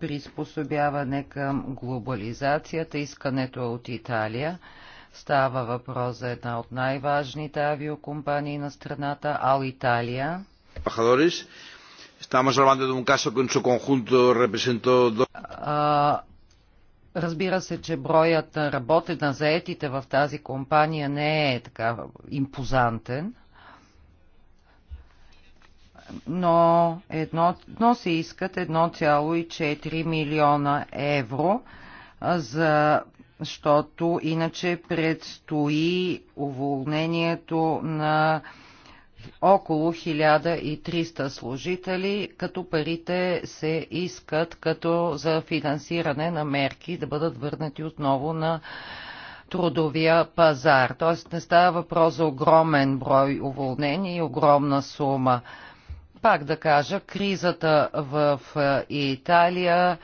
приспособяване към глобализацията. Искането е от Италия. Става въпрос за една от най-важните авиокомпании на страната, Ал Италия. Estamos hablando de un caso que en su conjunto representó... А, разбира се, че броят на работе на заетите в тази компания не е така импозантен, но, едно, но се искат 1,4 милиона евро, за, защото иначе предстои уволнението на около 1300 служители, като парите се искат като за финансиране на мерки да бъдат върнати отново на трудовия пазар. Т.е. не става въпрос за огромен брой уволнени и огромна сума. Пак да кажа, кризата в е, Италия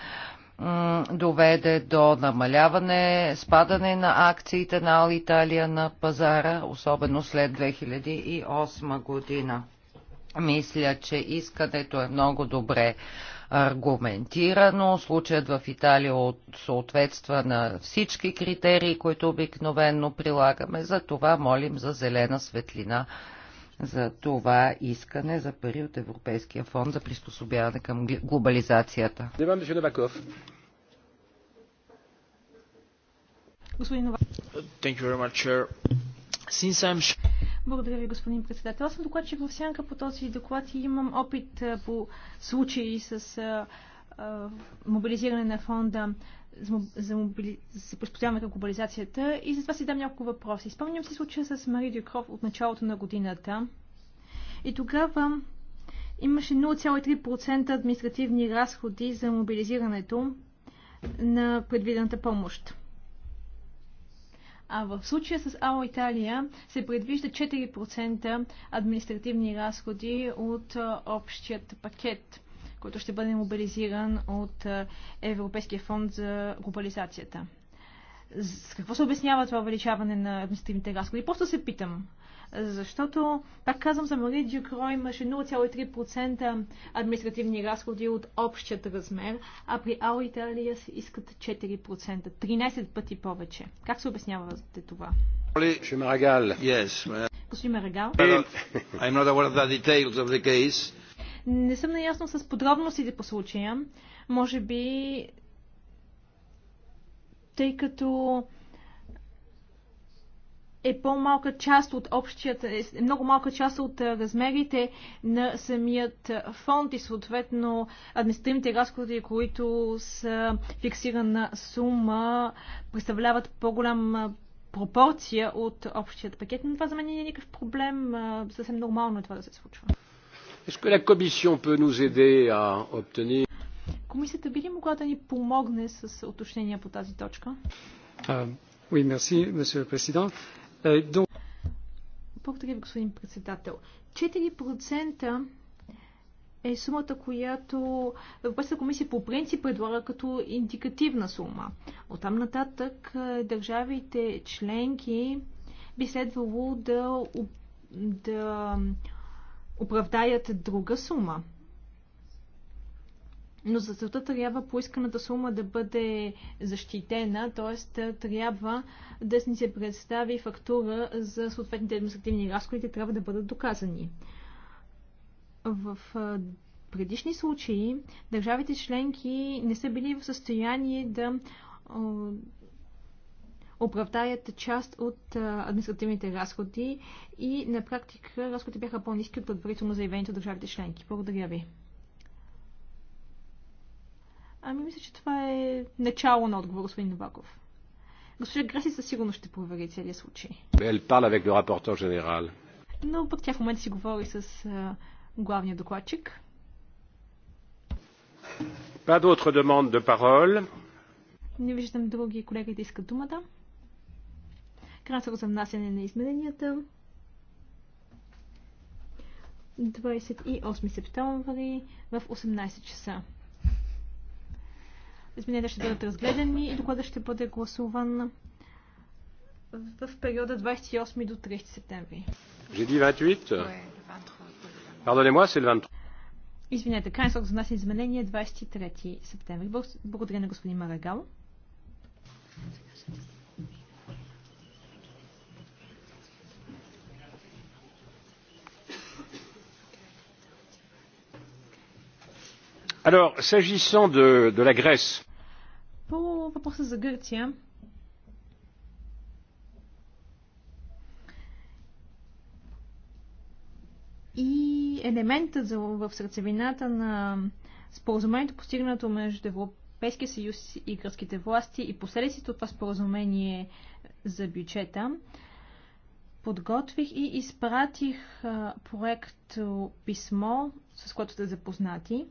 доведе до намаляване, спадане на акциите на Алиталия на пазара, особено след 2008 година. Мисля, че искането е много добре аргументирано. Случаят в Италия от съответства на всички критерии, които обикновенно прилагаме. За това молим за зелена светлина за това искане за пари от Европейския фонд за приспособяване към глобализацията. Благодаря ви, господин председател. Аз съм докладчик в сянка по този доклад и имам опит по случаи с мобилизиране на фонда за, мобили... за приспособяване към глобализацията и затова си дам няколко въпроси. Спомням си случая с Мари Дюкров от началото на годината и тогава имаше 0,3% административни разходи за мобилизирането на предвидената помощ. А в случая с АО Италия се предвижда 4% административни разходи от общият пакет който ще бъде мобилизиран от Европейския фонд за глобализацията. С какво се обяснява това увеличаване на административните разходи? Просто се питам. Защото, пак казвам, за Мари Дюкро имаше 0,3% административни разходи от общият размер, а при Ал Италия се искат 4%. 13 пъти повече. Как се обяснявате това? Господин Марагал. Не съм наясно с подробностите по случая. Може би, тъй като е по-малка част от общият, е много малка част от размерите на самият фонд и съответно административните разходи, които са фиксирана сума, представляват по-голям пропорция от общият пакет. Но това за мен не е никакъв проблем. Съвсем нормално е това да се случва. Est-ce que la Commission peut nous aider à obtenir... Комисията би ли могла да ни помогне с уточнения по тази точка? Uh, oui, merci, monsieur le président. Uh, donc... Благодаря ви, господин председател. 4% е сумата, която Европейската комисия по принцип предлага като индикативна сума. От там нататък е, държавите членки би следвало да, да оправдаят друга сума. Но за целта трябва поисканата сума да бъде защитена, т.е. трябва да ни се представи фактура за съответните административни разходи, трябва да бъдат доказани. В предишни случаи държавите членки не са били в състояние да оправдаят част от административните разходи и на практика разходите бяха по-низки от предварително заявените от държавите членки. Благодаря ви. Ами мисля, че това е начало на отговор, господин Новаков. Госпожа Греси със сигурност ще провери целият случай. Но под тя в момента си говори с главния докладчик. Pas d'autres demandes de parole. Не виждам други колеги да искат думата. Кратко за внасяне на измененията. 28 септември в 18 часа. Измененията ще бъдат разгледани и докладът ще бъде гласуван в периода 28 до 30 септември. Жеди 28 Pardonnez-moi, c'est le 23. Извинете, крайен срок за нас изменение 23 септември. Благодаря на господин Марагал. Alors, s'agissant de, de la Grèce. По въпроса за Гърция, И елемента за, в сърцевината на споразумението, постигнато между Европейския съюз и гръцките власти и последиците от това споразумение за бюджета, подготвих и изпратих проект писмо, с което сте запознати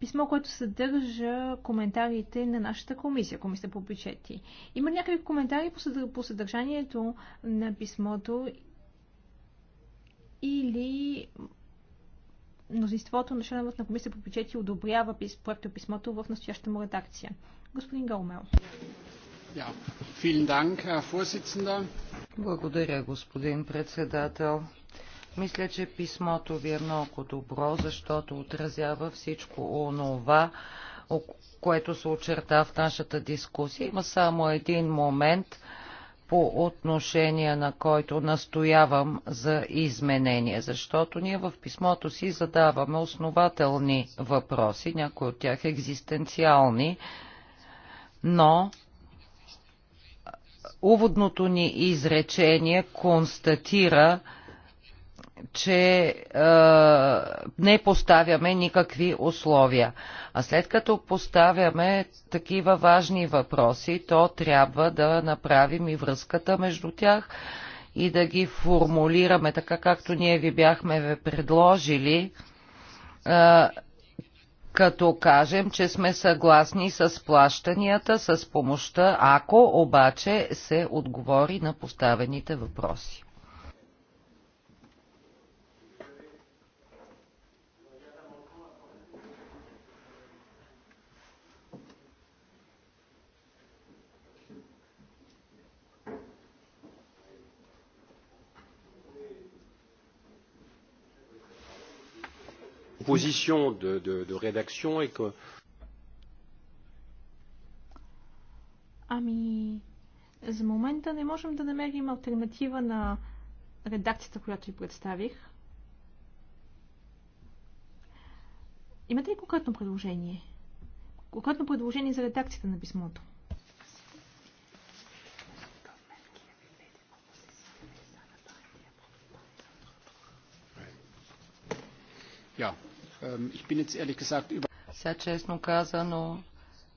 писмо, което съдържа коментарите на нашата комисия, комисията по бюджети. Има някакви коментари по съдържанието на писмото или мнозинството на членовете на комисията по бюджети одобрява проекта писмото в настоящата му редакция. Господин Галмел. Благодаря, господин председател. Мисля, че писмото ви е много добро, защото отразява всичко онова, което се очерта в нашата дискусия. Има само един момент, по отношение на който настоявам за изменение, защото ние в писмото си задаваме основателни въпроси, някои от тях екзистенциални, но уводното ни изречение констатира, че е, не поставяме никакви условия. А след като поставяме такива важни въпроси, то трябва да направим и връзката между тях и да ги формулираме така, както ние ви бяхме предложили, е, като кажем, че сме съгласни с плащанията, с помощта, ако обаче се отговори на поставените въпроси. proposition de, de, de rédaction et que. Ами, за момента не можем да намерим альтернатива на редакцията, която ви представих. Имате ли конкретно предложение? Конкретно предложение за редакцията на писмото? Yeah. Сега честно казано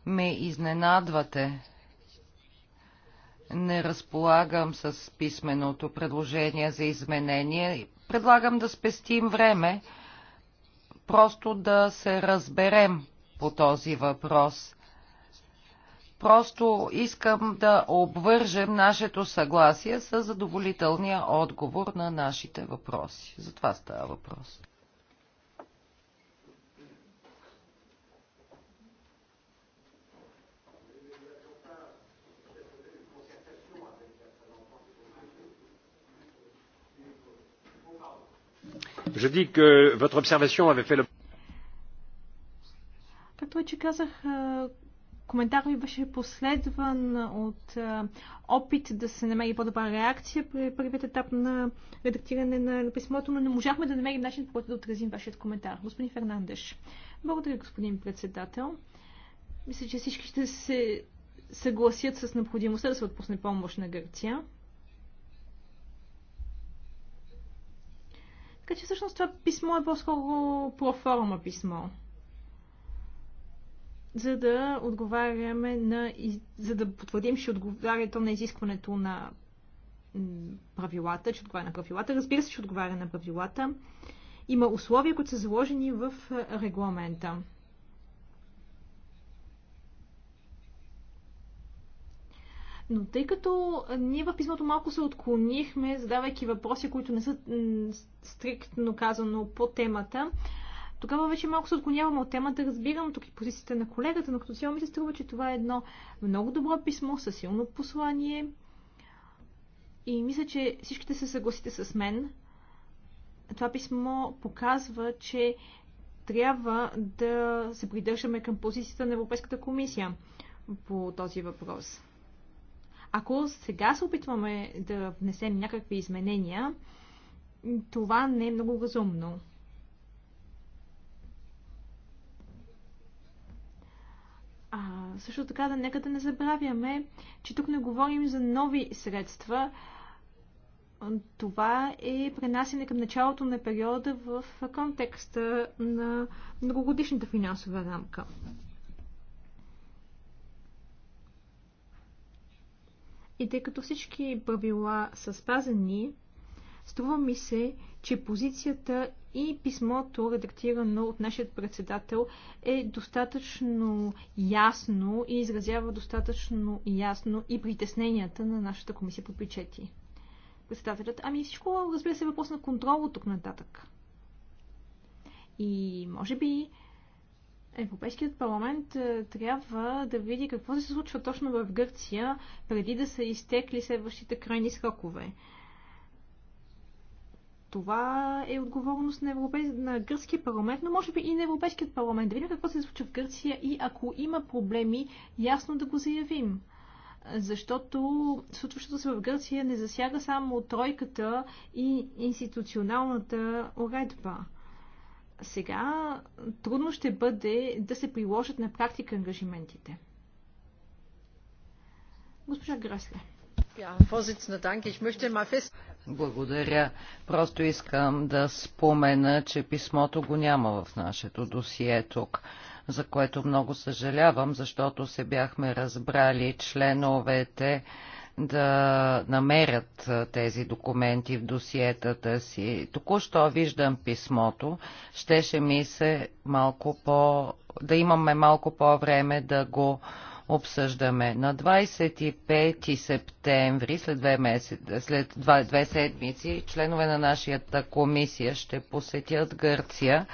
ме изненадвате. Не разполагам с писменото предложение за изменение. Предлагам да спестим време, просто да се разберем по този въпрос. Просто искам да обвържем нашето съгласие с задоволителния отговор на нашите въпроси. За това става въпрос. Je dis que votre observation avait fait le... Както вече казах, коментар ми беше последван от опит да се намери по-добра реакция при първият етап на редактиране на писмото, но не можахме да намерим начин, по който да отразим вашият коментар. Господин Фернандеш. Благодаря, господин председател. Мисля, че всички ще се съгласят с необходимостта да се отпусне помощ на Гърция. Така че всъщност това писмо е по-скоро проформа писмо. За да отговаряме на... за да потвърдим, че отговаря то на изискването на правилата, че отговаря на правилата. Разбира се, че отговаря на правилата. Има условия, които са заложени в регламента. Но тъй като ние в писмото малко се отклонихме, задавайки въпроси, които не са стриктно казано по темата, тогава вече малко се отклоняваме от темата. Разбирам тук и позицията на колегата, но като цяло ми се струва, че това е едно много добро писмо със силно послание. И мисля, че всичките се съгласите с мен. Това писмо показва, че трябва да се придържаме към позицията на Европейската комисия по този въпрос. Ако сега се опитваме да внесем някакви изменения, това не е много разумно. А, също така, да нека да не забравяме, че тук не говорим за нови средства. Това е пренасене към началото на периода в контекста на многогодишната финансова рамка. И тъй като всички правила са спазени, струва ми се, че позицията и писмото, редактирано от нашия председател, е достатъчно ясно и изразява достатъчно ясно и притесненията на нашата комисия по бюджети. Председателят, ами всичко, разбира се, е въпрос на контрол от тук нататък. И може би Европейският парламент е, трябва да види какво се случва точно в Гърция, преди да са изтекли следващите крайни срокове. Това е отговорност на, европей... на гръцкия парламент, но може би и на Европейският парламент. Да видим какво се случва в Гърция и ако има проблеми, ясно да го заявим защото случващото се в Гърция не засяга само тройката и институционалната уредба сега трудно ще бъде да се приложат на практика ангажиментите. Госпожа Гръсле, Благодаря. Просто искам да спомена, че писмото го няма в нашето досие тук, за което много съжалявам, защото се бяхме разбрали членовете да намерят тези документи в досиетата си. Току-що виждам писмото. Щеше ми се малко по... да имаме малко по-време да го обсъждаме. На 25 септември, след две, месец, след два, две седмици, членове на нашата комисия ще посетят Гърция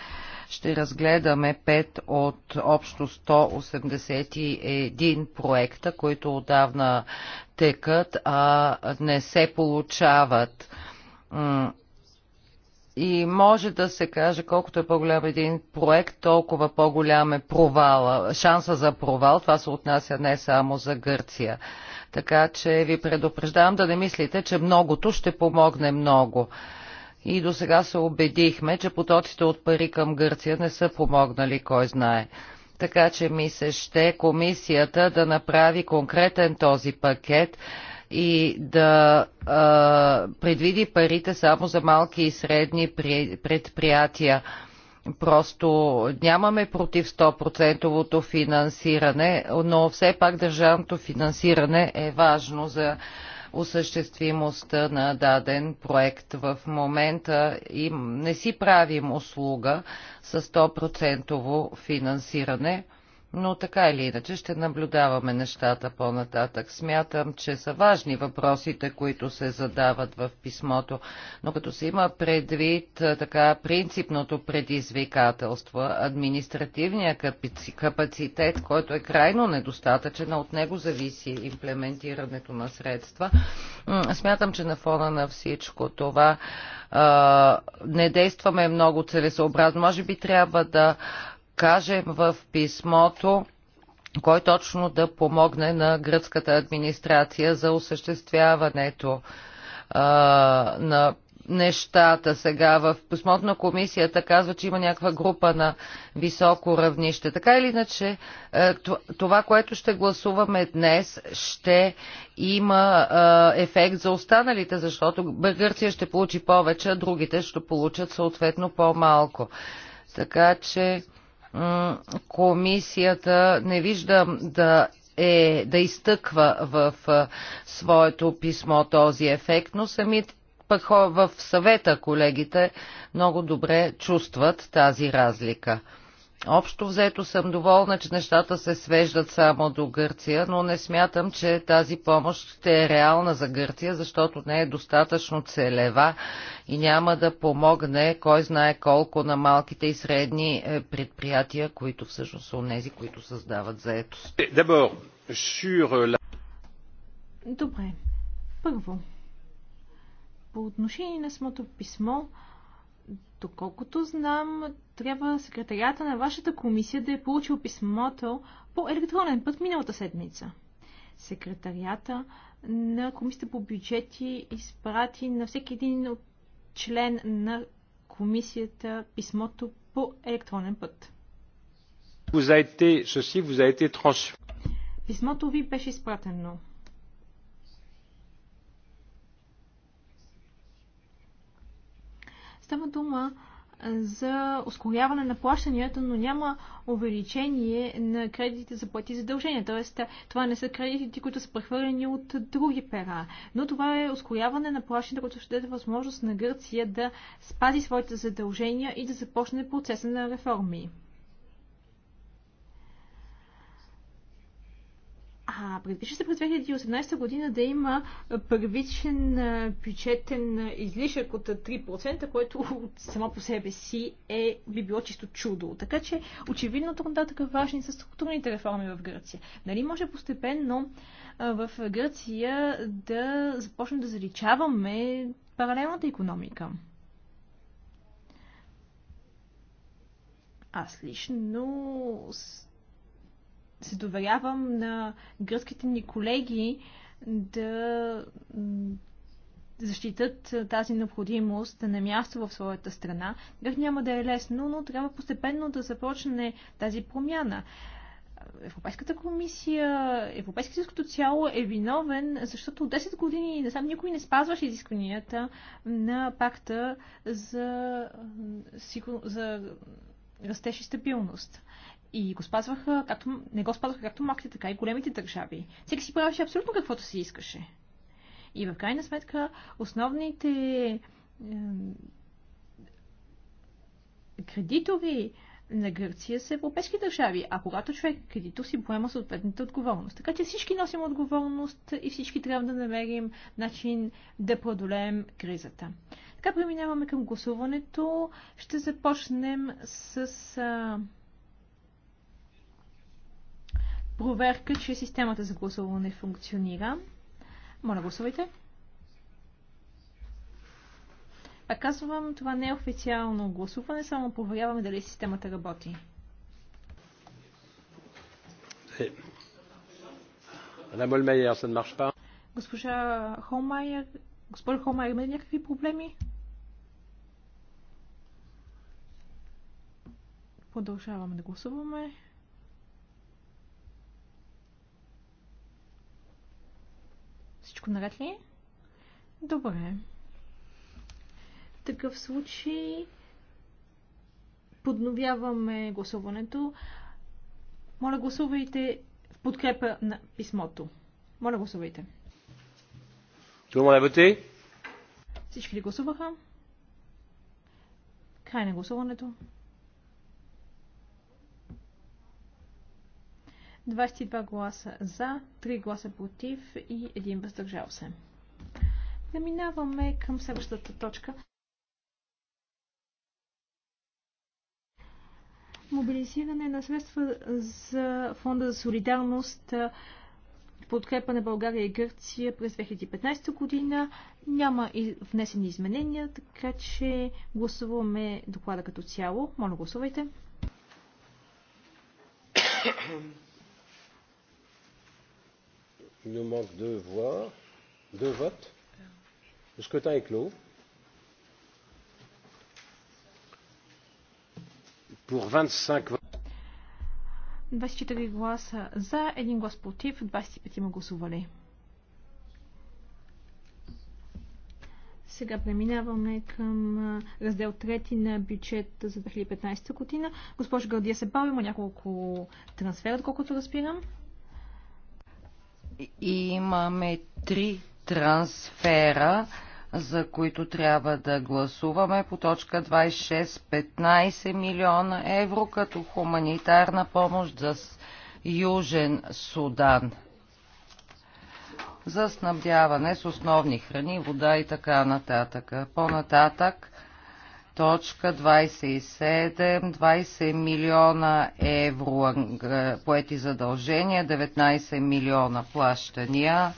ще разгледаме 5 от общо 181 проекта, които отдавна текат, а не се получават и може да се каже, колкото е по-голям един проект, толкова по-голям е провала, шанса за провал. Това се отнася не само за Гърция. Така че ви предупреждавам да не мислите, че многото ще помогне много и до сега се убедихме, че потоците от пари към Гърция не са помогнали, кой знае. Така че ми се ще комисията да направи конкретен този пакет и да а, предвиди парите само за малки и средни предприятия. Просто нямаме против 100 финансиране, но все пак държавното финансиране е важно за осъществимостта на даден проект. В момента и не си правим услуга с 100% финансиране, но така или иначе ще наблюдаваме нещата по-нататък. Смятам, че са важни въпросите, които се задават в писмото, но като се има предвид така принципното предизвикателство, административния капацитет, който е крайно недостатъчен, а от него зависи имплементирането на средства, смятам, че на фона на всичко това не действаме много целесообразно. Може би трябва да кажем в писмото, кой точно да помогне на гръцката администрация за осъществяването а, на нещата сега. В посмотна на комисията казва, че има някаква група на високо равнище. Така или иначе, това, което ще гласуваме днес, ще има ефект за останалите, защото Гърция ще получи повече, а другите ще получат съответно по-малко. Така че комисията не виждам да е да изтъква в своето писмо този ефект, но сами пък в съвета колегите много добре чувстват тази разлика. Общо взето съм доволна, че нещата се свеждат само до Гърция, но не смятам, че тази помощ ще е реална за Гърция, защото не е достатъчно целева и няма да помогне кой знае колко на малките и средни е, предприятия, които всъщност са тези, които създават заетост. Е, Добре. Първо, по отношение на самото писмо, Доколкото знам, трябва секретарията на вашата комисия да е получил писмото по електронен път миналата седмица. Секретарията на комисията по бюджети изпрати на всеки един от член на комисията писмото по електронен път. Писмото ви беше изпратено. Става дума за ускоряване на плащанията, но няма увеличение на кредитите за плати задължения. Тоест, това не са кредитите, които са прехвърлени от други пера. Но това е ускоряване на плащанията, което ще даде възможност на Гърция да спази своите задължения и да започне процеса на реформи. А предвижда се през 2018 година да има първичен бюджетен излишък от 3%, което само по себе си е, би било чисто чудо. Така че очевидно тук нататък е важни са структурните реформи в Гърция. Нали може постепенно в Гърция да започнем да заличаваме паралелната економика? Аз лично се доверявам на гръцките ни колеги да защитат тази необходимост на място в своята страна. Дъх няма да е лесно, но трябва постепенно да започне тази промяна. Европейската комисия, Европейския съюз като цяло е виновен, защото 10 години не сам никой не спазваше изискванията на пакта за, за растеж и стабилност. И го спазваха, както, не го спазваха както малките, така и големите държави. Всеки си правеше абсолютно каквото си искаше. И в крайна сметка основните кредитови кредитори на Гърция са европейски държави, а когато човек кредито си поема съответната отговорност. Така че всички носим отговорност и всички трябва да намерим начин да преодолеем кризата. Така преминаваме към гласуването. Ще започнем с. А, проверка, че системата за гласуване функционира. Моля, гласувайте. Пак казвам, това не е официално гласуване, само проверяваме дали системата работи. Е. Госпожа Холмайер, госпожа Холмайер, има ли някакви проблеми? Продължаваме да гласуваме. Всичко наред ли? Добре. В такъв случай подновяваме гласуването. Моля, гласувайте в подкрепа на писмото. Моля, гласувайте. Всички ли гласуваха? Край на гласуването. 22 гласа за, 3 гласа против и 1 въздържал се. Преминаваме към следващата точка. Мобилизиране на средства за Фонда за солидарност подкрепа на България и Гърция през 2015 година. Няма внесени изменения, така че гласуваме доклада като цяло. Моля, гласувайте. Il nous manque deux voix, deux votes. Le scrutin est clos. Pour 25 votes. 24 гласа за, 1 глас против, 25 има гласували. Сега преминаваме към раздел 3 на бюджет за 2015 година. Госпожо Гърдия Себал има няколко трансфера, доколкото разбирам. Да Имаме три трансфера, за които трябва да гласуваме по точка 26 15 милиона евро като хуманитарна помощ за Южен Судан за снабдяване с основни храни, вода и така нататък. По-нататък Точка 27, 20 милиона евро поети задължения, 19 милиона плащания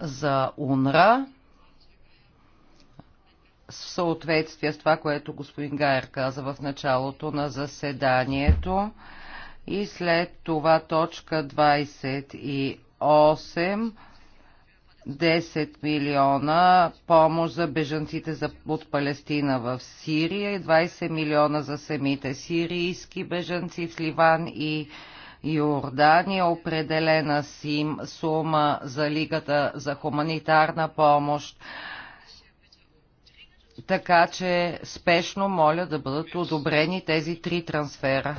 за УНРА в съответствие с това, което господин Гайер каза в началото на заседанието. И след това точка 28 10 милиона помощ за бежанците от Палестина в Сирия и 20 милиона за самите сирийски бежанци в Ливан и Йордания, определена сим сума за Лигата за хуманитарна помощ. Така че спешно моля да бъдат одобрени тези три трансфера.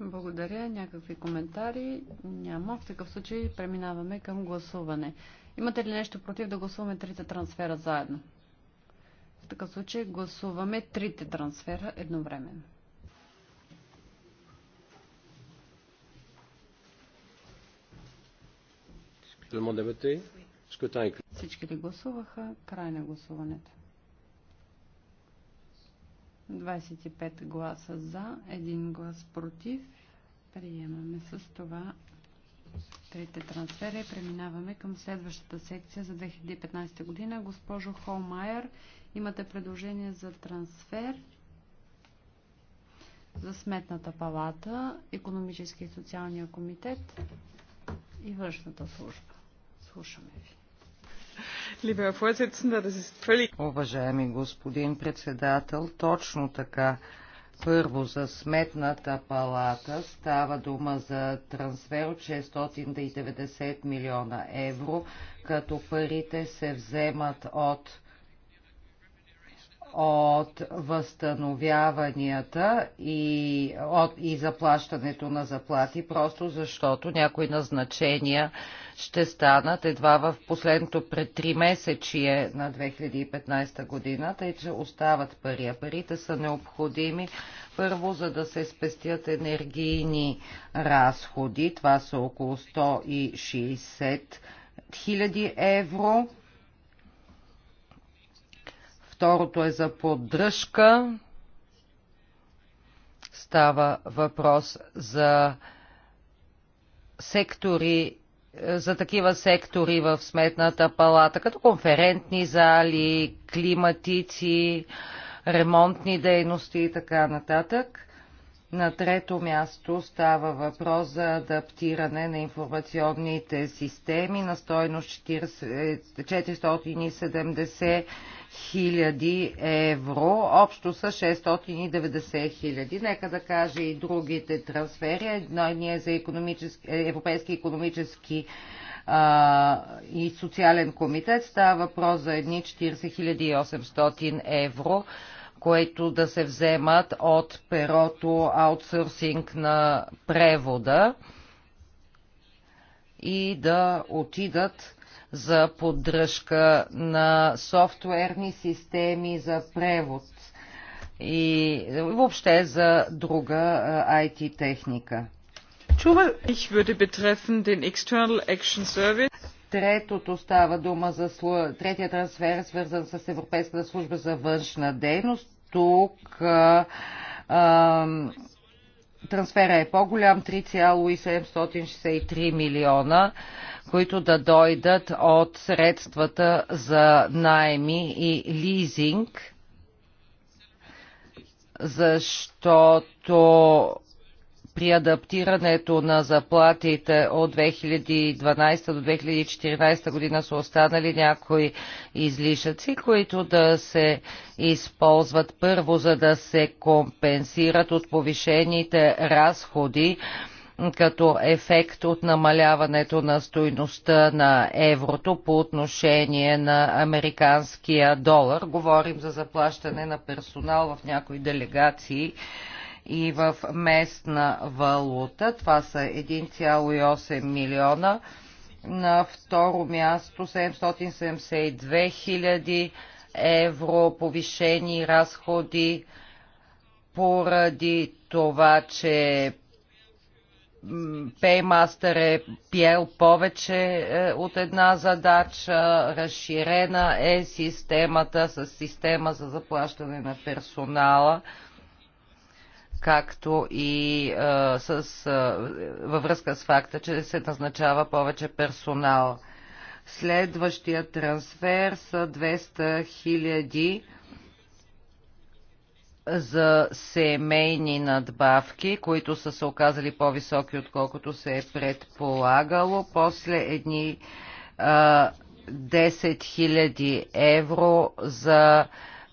Благодаря. Някакви коментари? Няма. В такъв случай преминаваме към гласуване. Имате ли нещо против да гласуваме трите трансфера заедно? В такъв случай гласуваме трите трансфера едновременно. Всички ли гласуваха? Край на гласуването. 25 гласа за, 1 глас против. Приемаме с това трите трансфера и преминаваме към следващата секция за 2015 година. Госпожо Холмайер, имате предложение за трансфер за Сметната палата, Економически и социалния комитет и външната служба. Слушаме ви. Уважаеми господин председател, точно така. Първо за сметната палата става дума за трансфер от 690 милиона евро, като парите се вземат от от възстановяванията и, от, и заплащането на заплати, просто защото някои назначения ще станат едва в последното пред три месечие на 2015 година, тъй че остават пари. А парите са необходими първо, за да се спестят енергийни разходи. Това са около 160 000 евро Второто е за поддръжка. Става въпрос за сектори, за такива сектори в Сметната палата, като конферентни зали, климатици, ремонтни дейности и така нататък. На трето място става въпрос за адаптиране на информационните системи на стойност 470 хиляди евро, общо са 690 хиляди. Нека да кажа и другите трансфери. Едно е за економически, е, Европейски економически а, и социален комитет. Става въпрос за едни 40 800 евро което да се вземат от перото аутсорсинг на превода и да отидат за поддръжка на софтуерни системи за превод и въобще за друга IT техника. Ich würde betreffen den External Action Service Третото става дума за третия трансфер, свързан с Европейската служба за външна дейност. Тук а, а, трансфера е по-голям 3,763 милиона, които да дойдат от средствата за найми и лизинг, защото при адаптирането на заплатите от 2012 до 2014 година са останали някои излишъци, които да се използват първо, за да се компенсират от повишените разходи като ефект от намаляването на стойността на еврото по отношение на американския долар. Говорим за заплащане на персонал в някои делегации и в местна валута. Това са 1,8 милиона. На второ място 772 хиляди евро повишени разходи поради това, че Paymaster е пиел повече е, от една задача, разширена е системата с система за заплащане на персонала – както и а, с, а, във връзка с факта, че се назначава повече персонал. Следващия трансфер са 200 хиляди за семейни надбавки, които са се оказали по-високи, отколкото се е предполагало. После едни а, 10 000 евро за а,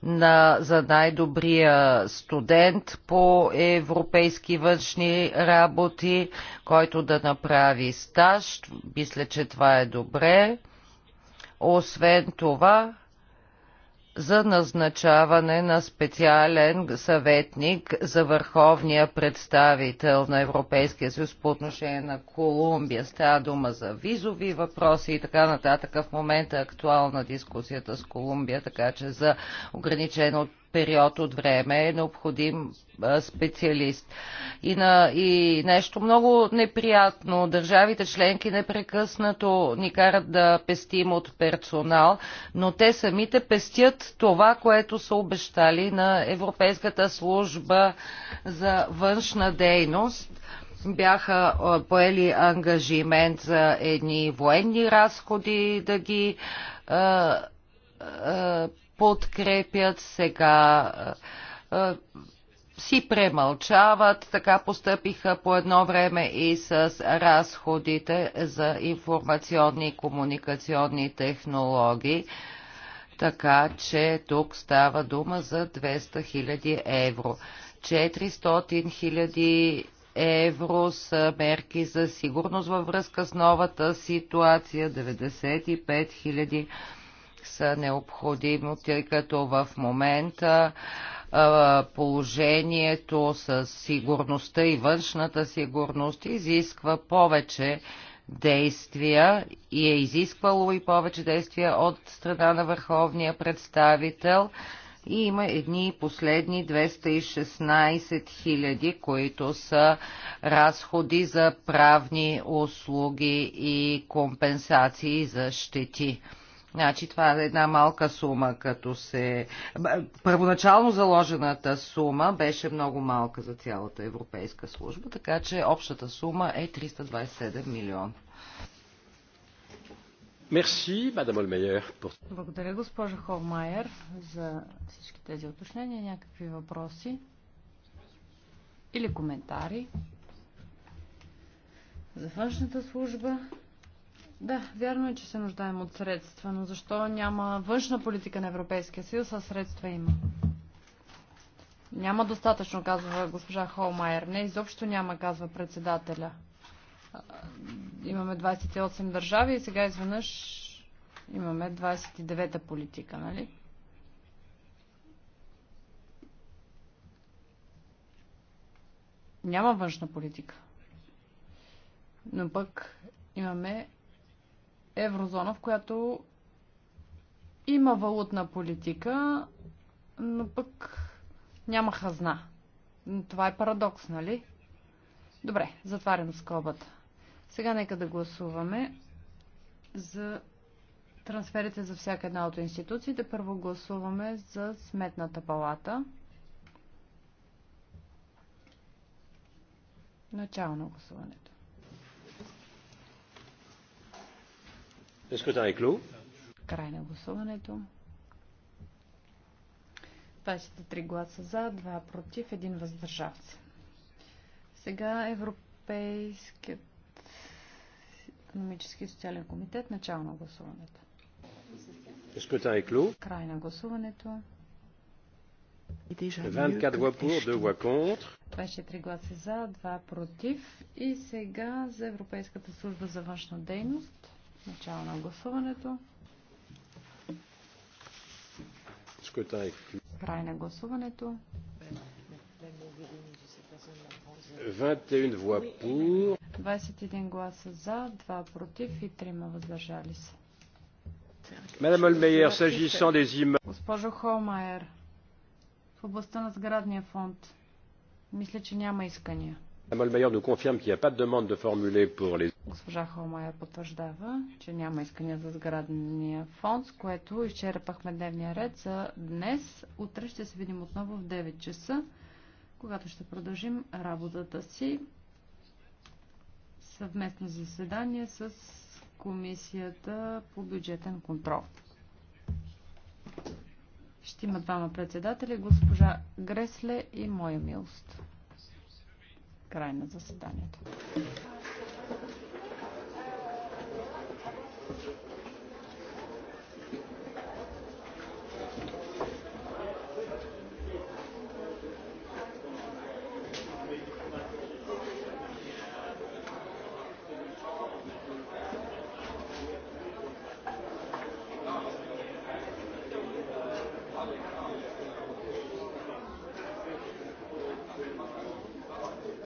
на, за най-добрия студент по европейски външни работи, който да направи стаж. Мисля, че това е добре. Освен това, за назначаване на специален съветник за върховния представител на Европейския съюз по отношение на Колумбия. Става дума за визови въпроси и така нататък. В момента е актуална дискусията с Колумбия, така че за ограничено период от време е необходим специалист. И, на, и нещо много неприятно. Държавите членки непрекъснато ни карат да пестим от персонал, но те самите пестят това, което са обещали на Европейската служба за външна дейност бяха поели ангажимент за едни военни разходи да ги а, а, подкрепят, сега е, е, си премълчават. Така постъпиха по едно време и с разходите за информационни и комуникационни технологии. Така че тук става дума за 200 000 евро. 400 000 евро са мерки за сигурност във връзка с новата ситуация. 95 000 евро са необходимо, тъй като в момента положението с сигурността и външната сигурност изисква повече действия и е изисквало и повече действия от страна на върховния представител и има едни последни 216 хиляди, които са разходи за правни услуги и компенсации за щети. Значи това е една малка сума, като се... Първоначално заложената сума беше много малка за цялата европейска служба, така че общата сума е 327 милион. Мерси, мадам Олмейер. Благодаря, госпожа Холмайер, за всички тези уточнения. Някакви въпроси или коментари за външната служба? Да, вярно е, че се нуждаем от средства, но защо няма външна политика на Европейския съюз, а средства има? Няма достатъчно, казва госпожа Холмайер. Не, изобщо няма, казва председателя. Имаме 28 държави и сега изведнъж имаме 29-та политика, нали? Няма външна политика. Но пък имаме еврозона, в която има валутна политика, но пък няма хазна. Това е парадокс, нали? Добре, затварям скобата. Сега нека да гласуваме за трансферите за всяка една от институциите. Първо гласуваме за сметната палата. Начало на гласуването. Е Край на гласуването. 23 гласа за, 2 против, 1 въздържав се. Сега Европейският економически и социален комитет, начало на гласуването. Е Край на гласуването. 24 гласа 2 гласа за, 2 против. И сега за Европейската служба за външна дейност. Начало на гласуването. Край на гласуването. 21 voix pour. 21 гласа за, 2 против и 3 въздържали се. Мадам Олмейер, s'agissant des immeubles. Госпожо Холмайер, в областта на сградния фонд, мисля, че няма искания. Мадам Олмейер, nous confirme qu'il n'y a pas de demande de formuler pour les Госпожа Холмайер потвърждава, че няма искания за сградния фонд, с което изчерпахме дневния ред за днес. Утре ще се видим отново в 9 часа, когато ще продължим работата си съвместно заседание с Комисията по бюджетен контрол. Ще има двама председатели, госпожа Гресле и моя милост. Край на заседанието.